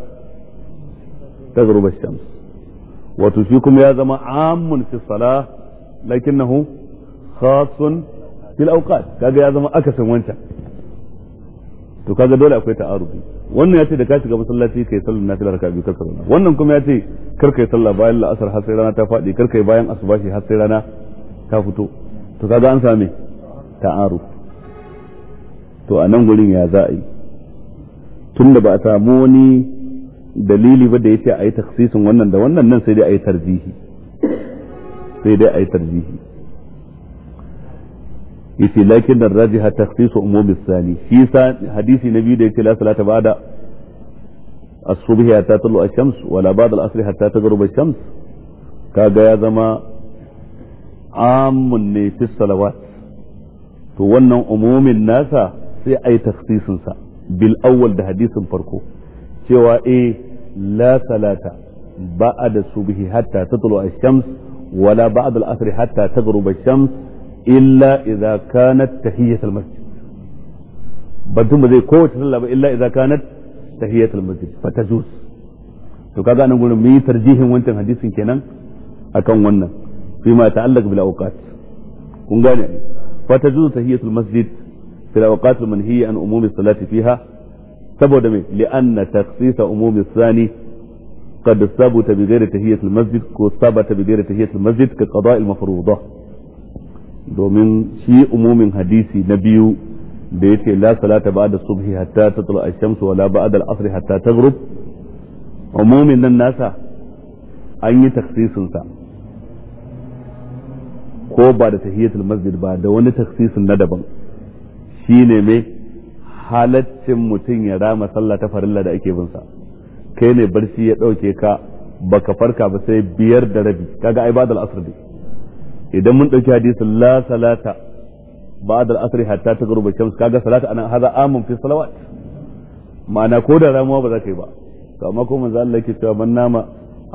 تغرب الشمس وتوسيكم يا زما عام في الصلاه لكنه خاص في الاوقات كذا يا زما اكثر من to kaga dole akwai ta'arudi wannan yace da ka shiga masallaci kai sallar nafila raka biyu kar karuna wannan kuma yace kar kai sallah bayan la'asar har sai rana ta fadi kar kai bayan asubashi har sai rana ta fito to kaga an same ta'arud to a nan gurin ya za a yi tunda ba a samu wani dalili ba da yace a yi taksisin wannan da wannan nan sai dai a yi tarjihi sai dai a yi tarjihi yace lakin da rajiha takhsisu umumi sani shi sa hadisi na biyu da yake la salata ba'da as-subhi hatta tulu ash-shams wala ba'da al-asr hatta taghrub ash-shams kaga ya zama amun ne fi salawat to wannan umumin nasa sai ai takhsisin sa bil awwal da hadisin farko cewa eh la salata ba'da subhi hatta tatlu ash-shams wala ba'da al-asr hatta taghrub ash-shams إلا إذا كانت تحية المسجد بدون مذي كوت الله إلا إذا كانت تحية المسجد فتجوز تكاد أنا أقول مي ترجيح وانت حديث كنا أكون ونا فيما يتعلق بالأوقات كن قال يعني. فتجوز تحية المسجد في الأوقات المنهية عن أموم الصلاة فيها ثبت من لأن تخصيص أموم الثاني قد ثبت بغير تهيئة المسجد ثبت بغير تهيئة المسجد كقضاء المفروضة domin shi umumin hadisi na biyu da yace la salata ba'da subhi hatta tatlu ash-shams wa la ba'da al-asr hatta taghrub umumin nan nasa an yi taksisin sa ko ba da tahiyatul masjid ba da wani taksisin na daban shine me halaccin mutum ya rama sallah ta farilla da ake bin sa kai ne barci ya dauke ka baka farka ba sai biyar da rabi kaga ai asr da idan mun dauki hadisin la salata ba'da al-asr hatta taghruba shams kaga salata ana hada amun fi salawat ma'ana ko da ramuwa ba za ka yi ba to amma ko manzo Allah yake cewa man nama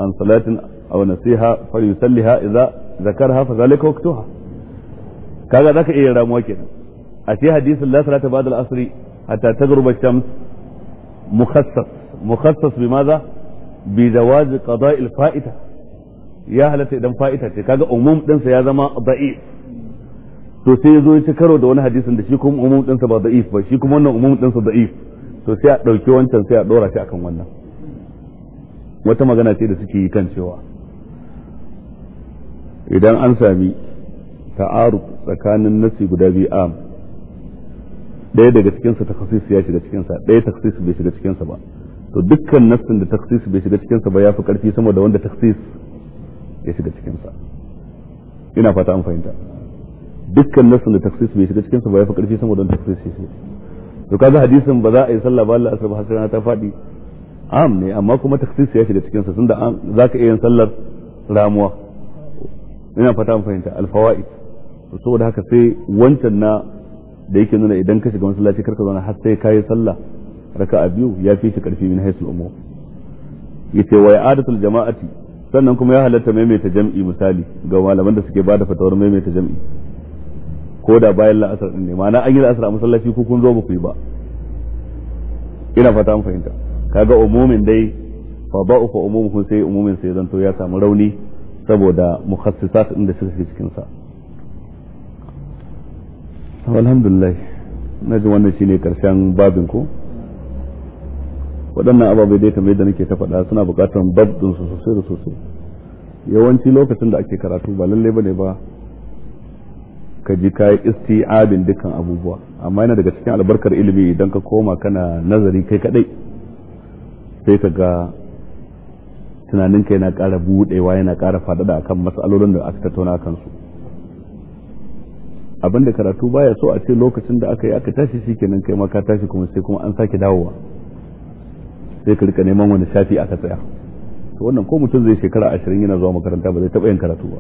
an salatin aw nasiha falyusalliha idza zakarha fa zalika waqtuha kaga zaka iya ramuwa kenan a ce hadisin la salata ba'da al-asr hatta taghruba shams mukhassas mukhassas bi madha bimaza بجواز قضاء fa'ita ya halatta idan fa'ita ce kaga umum ɗinsa ya zama da'if to sai ya zo ya ci karo da wani hadisin da shi kuma umum ɗinsa ba da'if ba shi kuma wannan umum ɗinsa da'if to sai a ɗauki wancan sai a ɗora shi akan wannan wata magana ce da suke yi kan cewa idan an sami ta'aruf tsakanin nasi guda biyu am ɗaya daga cikinsa taksis ya shiga cikinsa ɗaya taksis bai shiga cikinsa ba to dukkan nassin da taksis bai shiga cikinsa ba ya fi ƙarfi sama da wanda taksis ya shiga cikinsa ina fata an fahimta dukkan nasin da taksis bai shiga cikinsa ba ya fi karfi sama don taksis shi to kaga hadisin ba za a yi sallah ba Allah asar ba ta faɗi am ne amma kuma taksis ya shiga cikinsa tunda an zaka iya yin sallar ramuwa ina fata an fahimta alfawaid to saboda haka sai wancan na da yake nuna idan ka shiga masallaci karka zauna har sai kai sallah raka'a biyu ya fi shi karfi min haisul umur yace wa ya'adatul jama'ati sannan kuma ya halatta maimaita jam'i misali ga malaman da suke bada fatawar maimaita jam'i ko da bayan la'asar ne ma'ana an yi la'asar a masallaci ko kun zo ba ku ba ina fata an fahimta kaga umumin dai fa ba'u fa umumuhum sai umumin sai zanto ya samu rauni saboda mukhassisat din da suka cikin sa alhamdulillah ji wannan shine karshen babin ko waɗannan ababai dai kamar yadda nake ta faɗa suna buƙatar babdin su sosai da sosai yawanci lokacin da ake karatu ba lalle bane ba ka ji kai isti'abin dukkan abubuwa amma yana daga cikin albarkar ilimi idan ka koma kana nazari kai kadai sai ka ga tunanin tunaninka yana ƙara buɗewa yana ƙara faɗaɗa akan mas'alolin da aka tattauna kansu su da karatu baya so a ce lokacin da aka yi aka tashi shikenan kai ma ka tashi kuma sai kuma an sake dawowa sai ka neman wani shafi aka tsaya to wannan ko mutum zai shekara ashirin yana zuwa makaranta ba zai taɓa yin karatu ba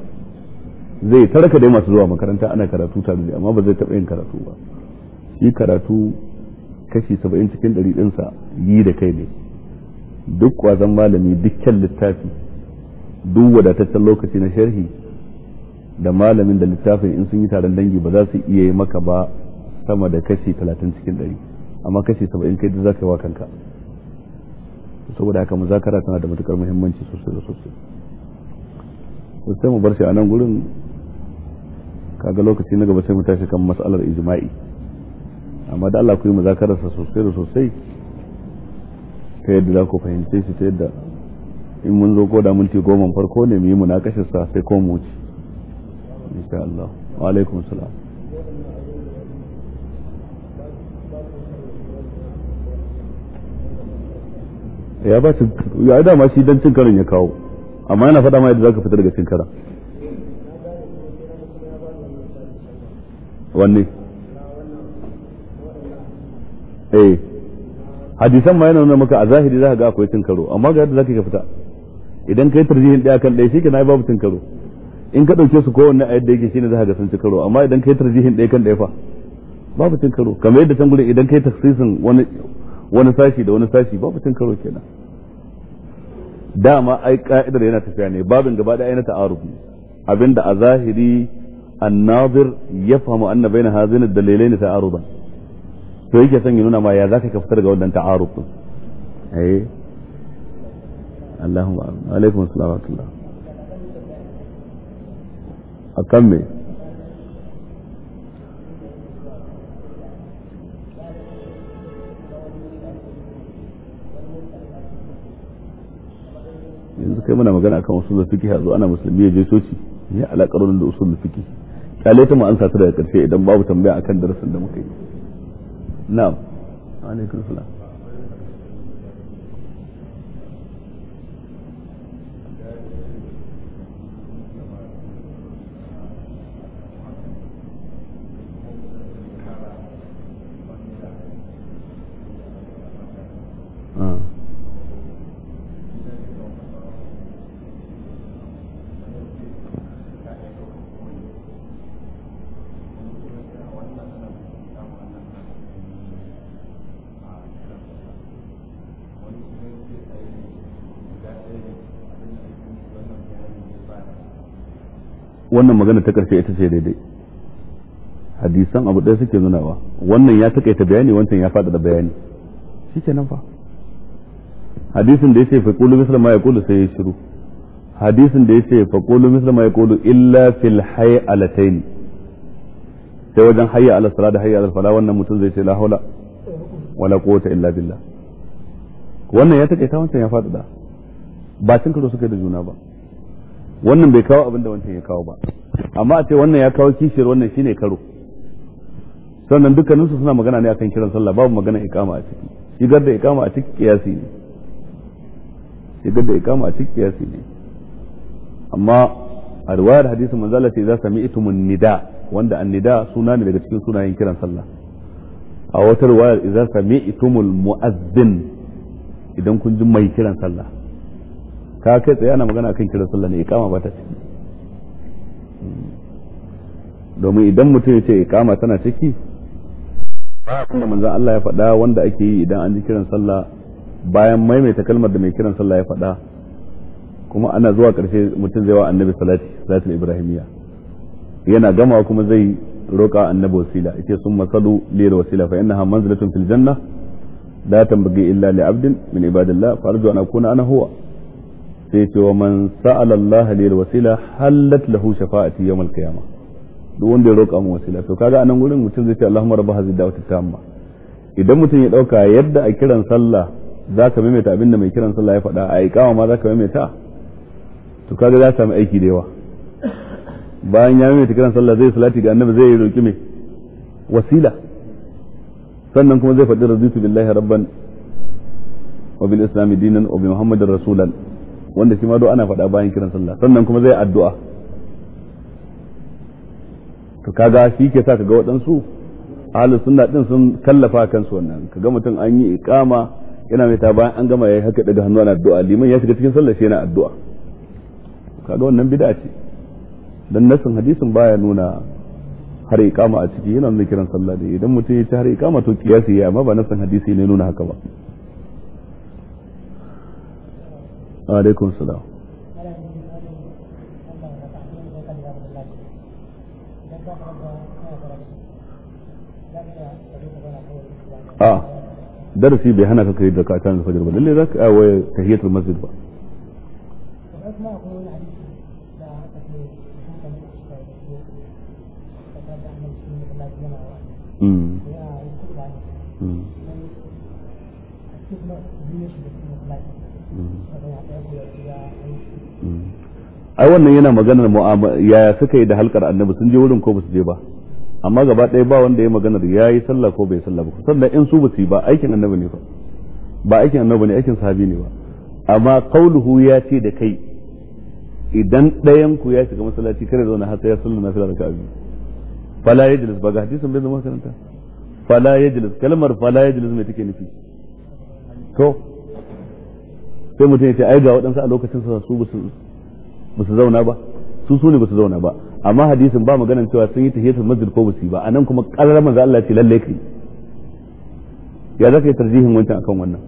zai taraka dai masu zuwa makaranta ana karatu tare da amma ba zai taɓa yin karatu ba shi karatu kashi saba'in cikin ɗari ɗinsa yi da kai ne duk kwazon malami dukkan littafi duk wadataccen lokaci na sharhi da malamin da littafin in sun yi taron dangi ba za su iya yi maka ba sama da kashi talatin cikin ɗari amma kashi saba'in kai duk za ka yi wa kanka saboda haka muzakara tana da matukar muhimmanci sosai da sosai sai mu bar shi a nan gurin kaga lokaci na gaba sai mu tashi kan mas'alar ijma'i amma da Allah ku yi muzakararsa sosai da sosai ta yadda za ku fahimce shi ta yadda in mun zo koda minti goma farko ne mu yi munakashar sa sai ko mu wuce insha Allah wa alaikum salam ya ba shi ya dama shi dan cin karin ya kawo amma yana faɗa ma yadda zaka fita daga cin karan wanne eh hadisan ma yana nuna maka a zahiri zaka ga akwai cin karo amma ga yadda zaka ka fita idan kai tarjihin daya kan daya shikenan ai babu cin karo in ka dauke su kowanne a yadda yake shine zaka ga sun cin karo amma idan kai tarjihin daya kan daya fa babu cin karo kamar yadda can gure idan kai taksisin wani wani sashi da wani sashi babu cin karo kenan dama ai ka'idar yana tafiya ne babin gaba da aina ta'aruf ne abinda a zahiri annazir ya fahimu anna baina hazina dalilai ne ta'aruban to yake son ya nuna ma ya zaka ka ga wannan ta'aruf din eh Allahumma alaikum assalamu alaikum rahmatullah akan me yanzu kai muna magana akan fiqi fiqh yanzu ana musulmi ya je coci ya alakar da usul fiqi kyale ta mu an sata da karshe idan babu tambaya akan darasin da muka yi na'am alaikum salam wannan magana ta karshe ita ce daidai hadisan abu ɗaya suke nunawa wannan ya taƙaita bayani wancan ya faɗaɗa bayani nan fa hadisin da ce fa qulu misla ma ƙulu sai ya shiru hadisin da ce fa qulu misla ma ƙulu illa fil alatain sai wajen hayya ala salat da hayya ala fala wannan mutum zai ce la haula wala quwwata illa billah wannan ya takaita wancan ya faɗaɗa ba cin karo suka da juna ba wannan bai kawo abin da wancan ya kawo ba amma a ce wannan ya kawo kishiyar wannan shine karo sannan dukkaninsu suna magana ne akan kiran sallah babu magana ikama a ciki shigar da ikama a ciki kiyasi ne shigar da ikama a ciki kiyasi ne amma a riwayar hadisin manzo Allah ce za sami itumun nida wanda annida suna ne daga cikin sunayen kiran sallah a wata riwayar idza sami itumul muazzin idan kun ji mai kiran sallah ka kai tsaye ana magana kan kiran sallah ne ikama ba ta ciki domin idan mutum ya ce ikama tana ciki ba kuma manzon Allah ya faɗa wanda ake yi idan an ji kiran sallah bayan maimaita kalmar da mai kiran sallah ya faɗa kuma ana zuwa ƙarshe mutum zai wa annabi salati salatul ibrahimiyya yana gama kuma zai roƙa annabi wasila yace sun masalu lil wasila fa innaha manzilatun fil janna la tanbaghi illa li abdin min ibadillah farju an akuna ana huwa sai ce wa man sa'ala Allah lil wasila halat lahu shafa'ati yawmal qiyamah duk wanda ya roƙa mu wasila to kaga anan gurin mutum zai ce Allahumma rabb hadhihi da'wati tamma idan mutum ya dauka yadda a kiran sallah zaka maimaita abinda mai kiran sallah ya faɗa a iqama ma zaka maimaita to kaga za samu aiki da yawa bayan ya maimaita kiran sallah zai salati ga annabi zai roƙi mai wasila sannan kuma zai faɗi raditu billahi rabban wa bil islami dinan wa bi muhammadin rasulan wanda shi ma do ana faɗa bayan kiran sallah sannan kuma zai addu'a to kaga shi ke sa kaga waɗansu ahli sunna din sun kallafa kansu wannan kaga mutum an yi iqama yana mai ta bayan an gama yayi haka daga hannu ana addu'a liman ya shiga cikin sallah shi yana addu'a kaga wannan bid'a ce dan nasin hadisin baya nuna har iqama a ciki yana mai kiran sallah da idan mutum ya ci har iqama to kiyasi ya amma ba nasin hadisi ne nuna haka ba wa salam a ah, darasi bai hana ka kai da ka kan fajr ba lalle zaka ah, waye tahiyatul masjid ba ai wannan yana maganar yaya suka yi da halkar annabi sun je wurin ko ba su je ba amma gaba ɗaya ba wanda ya maganar ya yi sallah ko bai sallah ba sannan in su ba su yi ba aikin annabi ne ba ba aikin annabi ne aikin sahabi ne ba amma kauluhu ya ce da kai idan ɗayan ku ya shiga masallaci kare zauna har sai ya sallah nafila da ka'abi fala yajlis ba ga hadisin bai zama karanta fala yajlis kalmar fala yajlis mai take nufi to sai mutum ya ce ai ga waɗansu a lokacin sa su ba su zauna ba su su ne ba su zauna ba amma hadisin ba maganan cewa sun yi tahiyatul masjid ko ba ba anan kuma karar manzo Allah ce lalle kai ya zaka yi tarjihin wancan akan wannan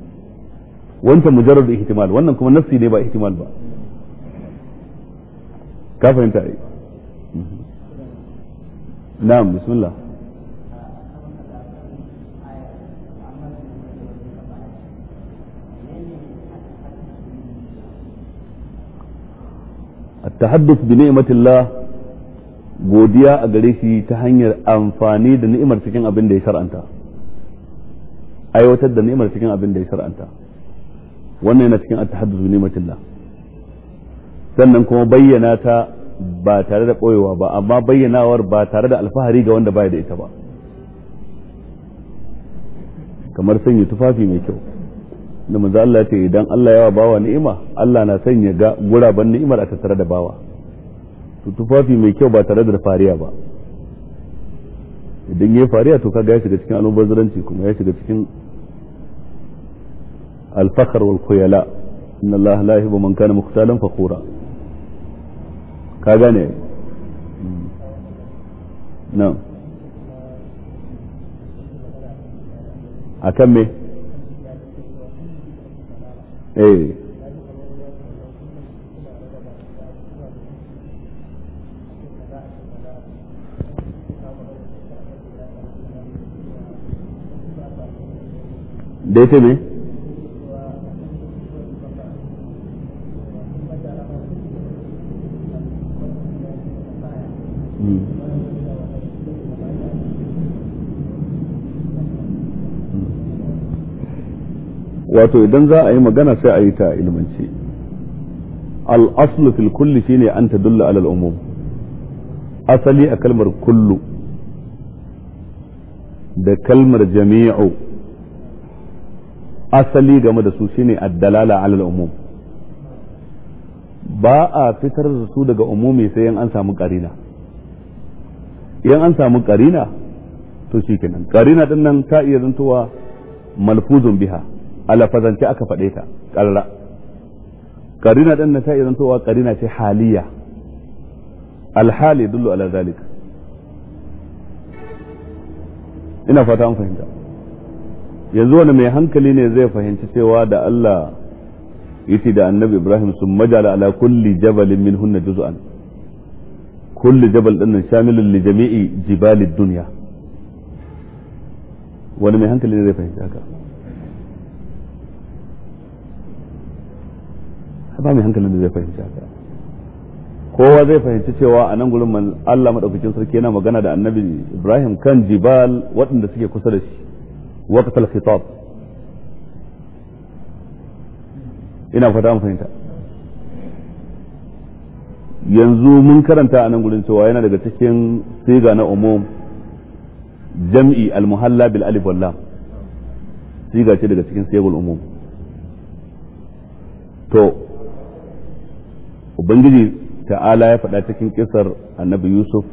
wancan mujarrad ihtimal wannan kuma nafsi ne ba ihtimal ba ka fahimta ai mhm. na'am bismillah at-tahadduth bi ni'matillah godiya a gare shi ta hanyar amfani da ni'imar cikin abin da ya shar'anta aiwatar da ni'imar cikin abin da ya shar'anta wannan yana cikin at-tahadduth bi ni'matillah sannan kuma bayyana ta ba tare da koyewa ba amma bayyanawar ba tare da alfahari ga wanda baya da ita ba kamar sanya tufafi mai kyau da manzo Allah ce idan Allah yawa bawa ni'ima Allah na sanya ga guraben ni'imar a tattare da bawa to tufafi mai kyau ba tare da fariya ba idan yayi fariya to kaga ya shiga cikin almubazzaranci kuma ya shiga cikin al-fakhr wal khuyala inna Allah la yuhibbu man kana mukhtalan fakhura ka gane na'am akan me eh da ce mai wato idan za a yi magana sai a yi ta ilmance al'aslu fil kulli shine an ta ala alal umum asali a kalmar kullu da kalmar jami'u asali game da su shine addalala dalala ala umum ba a fitar da su daga umumi sai an samu karina yan an samu karina to kenan karina din nan ta iya zantowa malfuzun biha a lafazance aka faɗe ta ƙarra karina ɗan nan ta iya zantowa karina ce haliya alhali dullu ala zalik ina fata an fahimta yanzu wani mai hankali ne zai fahimci cewa da Allah yace da annabi Ibrahim sun majala ala kulli jabalin min hunna juz'an kulli jabal din nan shamilun li jami'i jibalid dunya wani mai hankali ne zai fahimci haka ba mai hankalin da zai fahimci haka kowa zai fahimci cewa a nan gurin Allah madaukakin sarki yana magana da annabi Ibrahim kan jibal waɗanda suke kusa da shi waqtal khitab ina fata mu fahimta yanzu mun karanta a nan gurin cewa yana daga cikin siga na umum jam'i al-muhalla bil alif wal lam siga ce daga cikin sigul umum to ubangiji ta'ala ya faɗa cikin ƙisar annabi yusuf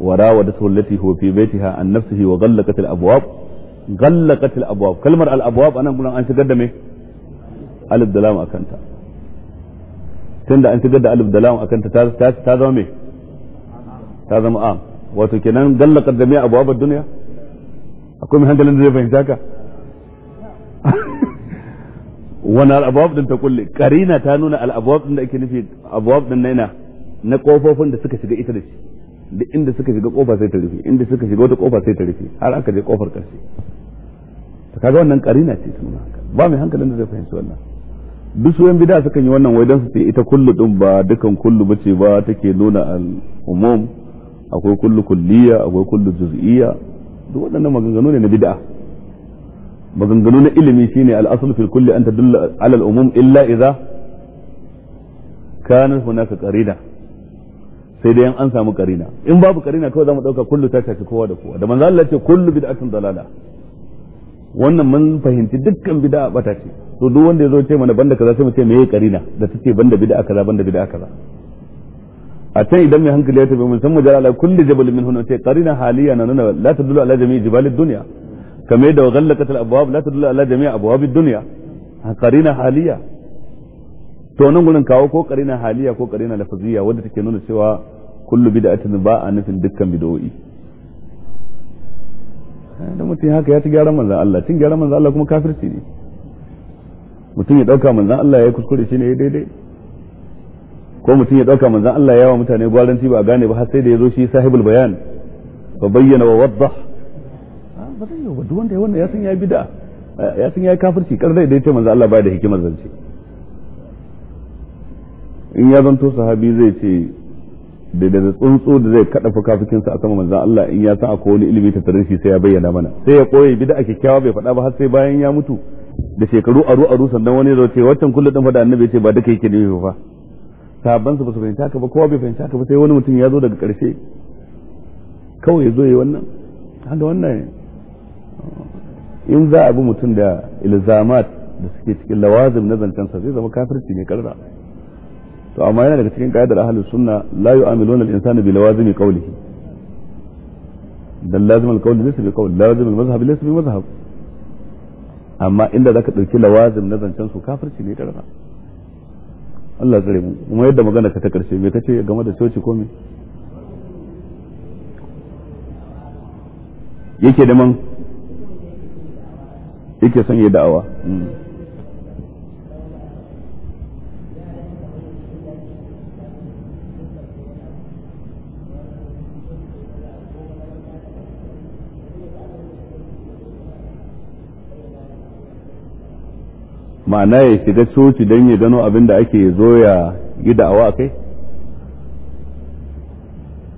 وراودته التي هو في بيتها عن نفسه وغلقت الابواب غلقت الابواب كلمه الابواب انا an ان تقدم me alif دلام اكنت tunda an shigar da alif da lam akan ta ta zama me ta zama am wato kenan gallakar da me abuwa duniya akwai mai hankalin da zai fahimta ka wani al'abawab din ta kulle karina ta nuna al'abawab din da ake nufi abawab din na na kofofin da suka shiga ita da shi da inda suka shiga kofa sai ta rufe inda suka shiga wata kofa sai ta rufe har aka je kofar karshe ta kaga wannan karina ce ta nuna haka ba mai hankalin da zai fahimci wannan duk suwan bida suka yi wannan wai su ce ita kullu din ba dukan kullu ce ba take nuna al-umum akwai kullu kulliya akwai kullu juz'iyya duk waɗannan maganganu ne na bid'a maganganu na ilimi shine al-aslu fil kulli an tadullu ala al-umum illa idza kana hunaka qarina sai dai an samu karina in babu karina kawai zamu dauka kullu ta shafi kowa da kowa da manzo Allah ce kullu bid'atun dalala wannan mun fahimci dukkan bid'a bata ce to duk wanda yazo ce mana banda kaza sai mu ce meye karina da tace banda bid'a kaza banda bid'a kaza a can idan mai hankali ya tafi mun san ala kullu jabal min hunna ce karina haliya na nuna la tadullu ala jami'i jibalid dunya كما yadda wa ghallaqat لا تدل على جميع ala الدنيا قرينة حالية dunya qarina to nan gurin kawo ko qarina haliya ko qarina lafziya wanda take nuna cewa kullu bid'atin ba a nufin dukkan bid'o'i da mutum haka ya ci gyaran manzan Allah cin gyaran manzan Allah kuma kafirci ne mutum ya dauka manzan Allah ya kuskure shi ne ya daidai ko mutum ya dauka manzan Allah ya wa mutane gwaranci ba a gane ba har sai da ya zo shi sahibul bayan fa bayyana wa waddah kyau ba wanda ya wanda ya san ya bid'a ya san ya kafirci kar zai dai ce manzo Allah ba da hikimar zance in ya zanto sahabi zai ce da da tsuntsu da zai kada fukafukin sa a sama manzo Allah in ya san akwai wani ilimi ta tarihi sai ya bayyana mana sai ya koyi bid'a kyakkyawa bai faɗa ba har sai bayan ya mutu da shekaru aru aru sannan wani zai ce wancan kullu din fa annabi ya ce ba duka yake nufi fa sahabban su ba su fahimta ka ba kowa bai fahimta ka ba sai wani mutum ya zo daga karshe kawai ya zo ya yi wannan haka wannan in za a bi mutum da ilzamat da suke cikin lawazim na zancensa zai zama kafirci ne karra to amma yana daga cikin ka'idar ahlus sunna la yu'amiluna al-insana bi lawazimi qawlihi dan lazim al-qawl laysa bi qawl lazim al-mazhab laysa bi mazhab amma inda zaka dauki lawazim na zancen su kafirci ne karra Allah tsare mu kuma yadda magana ka ta karshe me kace game da coci ko me yake da man yake son da da'awa ma'ana ya shiga coci don ya gano abin da ake zo ya yi da'awa a kai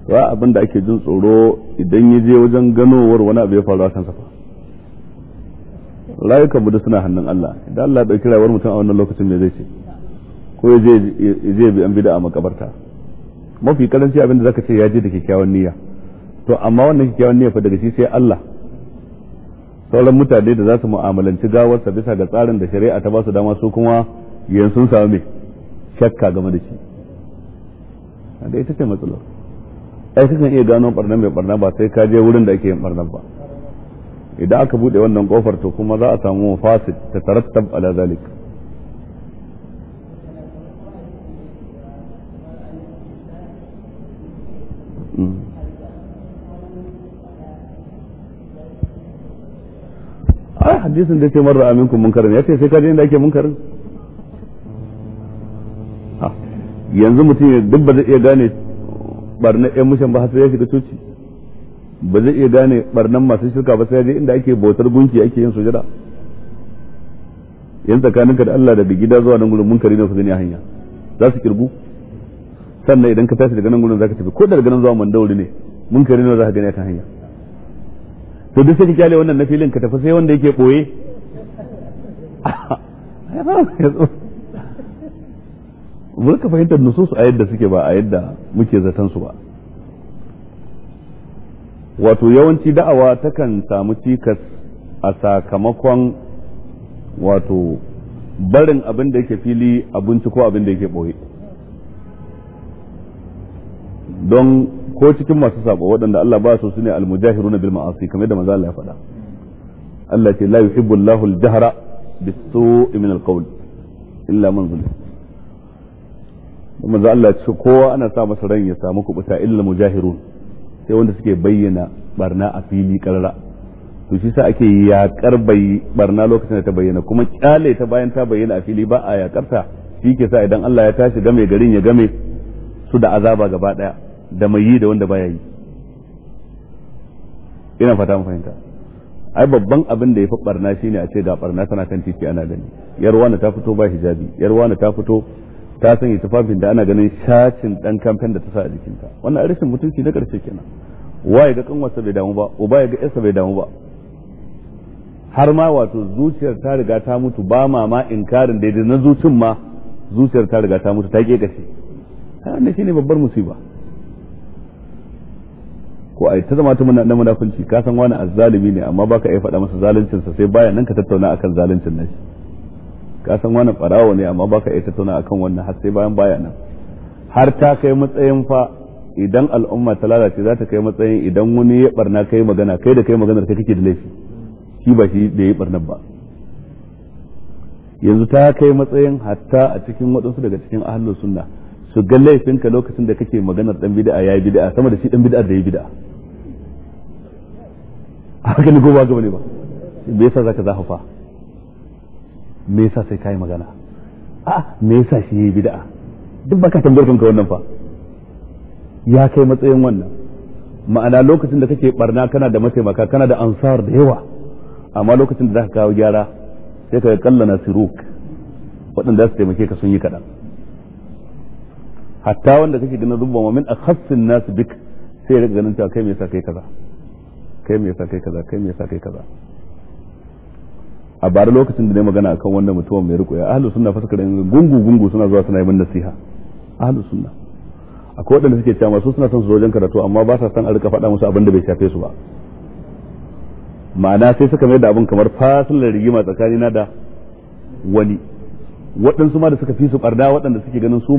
ba abin da ake jin tsoro idan ya je wajen ganowar wani abu ya faru a kansa fa layuka mu suna hannun Allah idan Allah ya kira wani mutum a wannan lokacin me zai ce ko ya je bi an bid'a makabarta mafi karanci abin da zaka ce ya je da kyakkyawan niyya to amma wannan kyakkyawan niyya fa daga shi sai Allah sauran mutane da za su mu'amalanci gawarsa bisa ga tsarin da shari'a ta ba su dama su kuma yanzu sun samu me shakka game da shi da ita ce matsalar ai kan iya gano barna mai barna ba sai ka je wurin da ake yin barna ba idan aka bude wannan kofar to kuma za a samu fasid ta tarattab ala zalik mm. ai hadisin da ce marar aminku munkarin ya ce sai kaje da ake munkarin yanzu mutum duk ba zai iya gane barna ɗan mushan ba sai ya shiga tuci ba zai iya gane barnan masu shirka ba sai je inda ake bautar gunki ake yin sujada yan tsakaninka da Allah daga gida zuwa nan gurin munkari ne su gani a hanya za su kirgu sannan idan ka tashi daga nan gurin zaka tafi ko daga nan zuwa mandauri ne munkari ne za ka gani a kan hanya to duk sai ka kyale wannan na filin ka tafi sai wanda yake boye mun ka fahimtar nususu a yadda suke ba a yadda muke zaton su ba wato yawanci da'awa takan samu cikas a sakamakon wato barin abin da yake fili abinci ko abin da yake ɓoye don ko cikin masu sabo waɗanda Allah ba su ne na bil ma'asi kamar da maza Allah ya faɗa Allah ce la yuhibbu Allahu al-jahra bis-su'i min al-qawl illa man zulim maza Allah ce kowa ana sa masa ran ya samu kubuta illa mujahirun sai wanda suke bayyana barna a fili karara to shi sa ake yakar bai barna lokacin da ta bayyana kuma kyale ta bayan ta bayyana a fili ba a yakarta shi ke sa idan Allah ya tashi game garin ya game su da azaba gaba daya da mai yi da wanda baya yi ina fata mu fahimta ai babban abin da ya fi barna shine a ce ga barna tana kan titi ana gani yarwa na ta fito ba hijabi yarwa na ta fito ta sanya tufafin da ana ganin shacin dan kamfen da ta sa a jikinta wannan rashin mutunci na karshe kenan wa ya ga kanwarsa bai damu ba uba ya ga yarsa bai damu ba har ma wato zuciyar ta riga ta mutu ba ma ma inkarin daidai na zucin ma zuciyar ta riga ta mutu ta ke kashe wannan shine babbar musiba ko ai ta zama ta muna na munafunci ka san wani azzalimi ne amma baka iya faɗa masa zaluncinsa sai bayan nan ka tattauna akan zaluncin nashi ka san wani farawo ne amma baka iya tattauna akan wannan har sai bayan baya nan har ta kai matsayin fa idan al'umma ta lalace za ta kai matsayin idan wani ya barna kai magana kai da kai maganar kai kake da laifi shi ba shi da ya barnar ba yanzu ta kai matsayin hatta a cikin waɗansu daga cikin ahlus sunna su ga laifinka lokacin da kake maganar dan bid'a yayi bid'a sama da shi dan bid'a da yayi bid'a haka ne gobe ga bane ba me yasa zaka zahafa me yasa sai kai magana a me yasa shi yayi bid'a duk baka tambayar kanka wannan fa ya kai matsayin wannan ma'ana lokacin da kake barna kana da mataimaka kana da ansar da yawa amma lokacin da zaka kawo gyara sai ka kallana nasiruk waɗanda su taimake ka sun yi kaɗan hatta wanda kake ganin zubba ma min akhassin nas bik sai ya ganin ta kai me yasa kai kaza kai me yasa kai kaza kai me yasa kai kaza a bara lokacin da ne magana akan wannan mutumin mai riko ya ahlu sunna fa suka gungu gungu suna zuwa suna yi min nasiha ahlu sunna akwai waɗanda suke cewa su suna son su wajen karatu amma ba sa son a rika faɗa musu abin da bai shafe su ba ma'ana sai suka mai da abin kamar fasilar rigima tsakanina da wani waɗansu ma da suka fi su barda waɗanda suke ganin su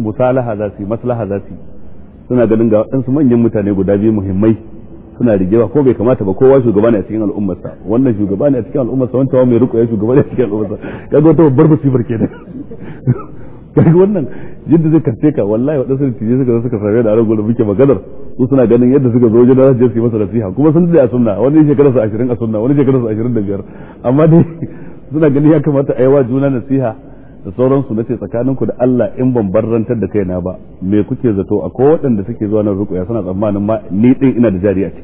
musalaha za su yi maslaha za su yi suna ganin ga waɗansu manyan mutane guda biyu muhimmai suna rigewa ko bai kamata ba kowa shugaba ne a cikin al'ummarsa wannan shugaba ne a cikin al'ummarsa wancan mai riko ya shugaba ne a cikin al'ummarsa kaga wata babbar musibar kenan kaga wannan yadda zai kace ka wallahi wadansu tije suka zo suka same da aron muke maganar su suna ganin yadda suka zo wajen da su yi masa nasiha kuma sun da a sunna wani shekarar su 20 a sunna wani ashirin da biyar amma dai suna ganin ya kamata a yi wa juna nasiha da sauransu na ce tsakaninku da Allah in ban barrantar da kaina ba me kuke zato a ko waɗanda suke zuwa nan rukuya suna tsammanin ma ni din ina da jari a ce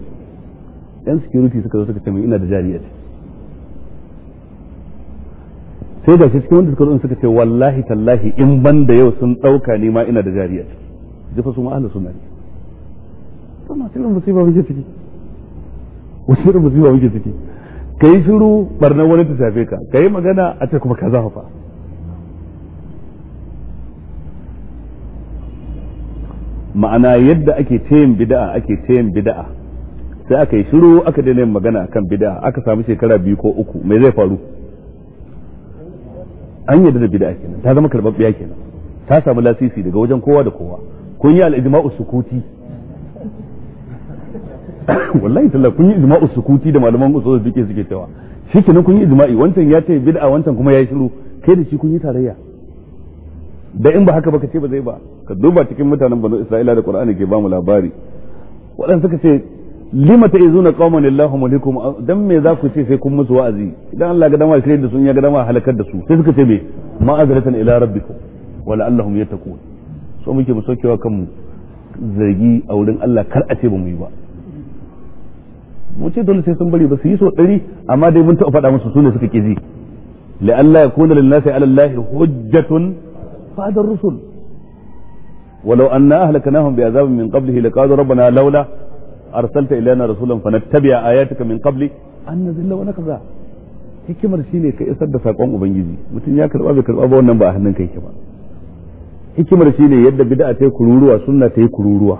yan security suka zo suka ce min ina da jari a ce sai da shi cikin wanda suka zo suka ce wallahi tallahi in ban da yau sun ɗauka ni ma ina da jari a ce jifa su ma ahlus sunna ne sama sai musiba muke ciki wasu irin musiba muke ciki kai shiru barna wani ta shafe ka kai magana a ce kuma kaza fa ma'ana yadda ake tayin bid'a ake tayin bid'a sai aka yi shiru aka daina yin magana kan bid'a aka samu shekara biyu ko uku me zai faru an yadda da bid'a kenan ta zama karbabbiya kenan ta samu lasisi daga wajen kowa da kowa kun yi al-ijma'u sukuti wallahi talla kun yi ijma'u sukuti da malaman usul fiqh suke cewa shikenan kun yi ijma'i wancan ya tayi bid'a wancan kuma ya yi shiru kai da shi kun yi tarayya da in ba haka ba ka ce ba zai ba ka duba cikin mutanen banu isra'ila da qur'ani ke ba mu labari waɗanda suka ce lima ta izuna qauman illahu mulikum dan me za ku ce sai kun musu wa'azi idan Allah ga dama shirye da sun ya ga dama halakar da su sai suka ce me ma'azratan ila rabbikum wa la'allahum yattaqun so muke mu saukewa kanmu zargi a wurin Allah kar a ce ba mu yi ba mu ce dole sai sun bari ba su yi so ɗari amma dai mun taɓa faɗa musu su ne suka ƙi ji la'alla yakuna lin-nasi 'ala Allahi hujjatun بعد الرسل ولو أنا أهلكناهم بعذاب من قبله لقالوا ربنا لولا رسولا فنتبع من قبل نذل hikimar ka isar da ubangiji mutum ya bai ba wannan ba a hannun kai ba hikimar shine yadda bid'a ta yi kururuwa sunna ta yi kururuwa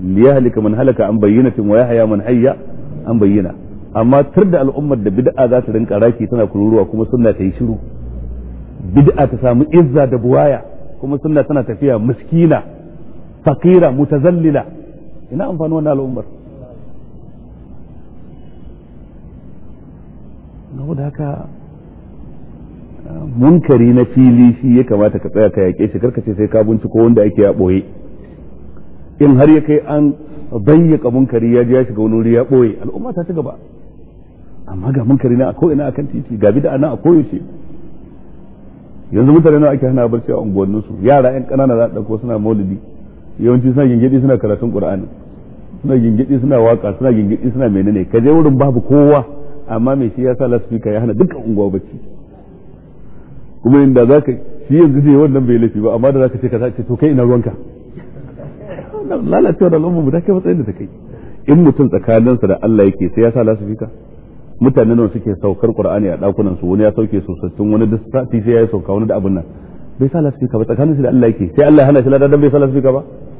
liyahlika man halaka an bayyinatin wa yahya man hayya an bayyana amma tur da al'ummar da bid'a za ta rinka raki tana kururuwa kuma sunna ta yi shiru bid'a ta samu izza da buwaya kuma sunna tana tafiya miskina fakira mutazallila ina amfani wannan al'ummar saboda haka ah, munkari na fili shi ya kamata ka tsaya ka yaƙe shi karka ce sai ka binciko wanda ake ya ɓoye in har ya kai an bayyaka munkari ya ji ya shiga wani wuri ya ɓoye al'umma ta ci gaba amma ga munkari na a ko'ina akan titi ga bida na a koyaushe yanzu mutane na ake hana barci a unguwannin su yara yan kanana za a dauko suna maulidi yawanci suna gingidi suna karatun qur'ani suna gingidi suna waka suna gingidi suna menene ka je wurin babu kowa amma mai shi ya sa lasfika ya hana dukkan unguwa bacci kuma inda za ka shi yanzu ne wannan bai laifi ba amma da za ka ce ka ce to kai ina ruwanka lalacewa da al'umma mu da kai matsayin da ta kai in mutum tsakaninsa da Allah yake sai ya sa lasfika mutane nan suke saukar qur'ani a dakunan su wani ya sauke su sattun wani da sai ya sauka wani da abun nan bai sa lafiya ba tsakanin shi da Allah yake sai Allah hana shi ladan bai sa lafiya ba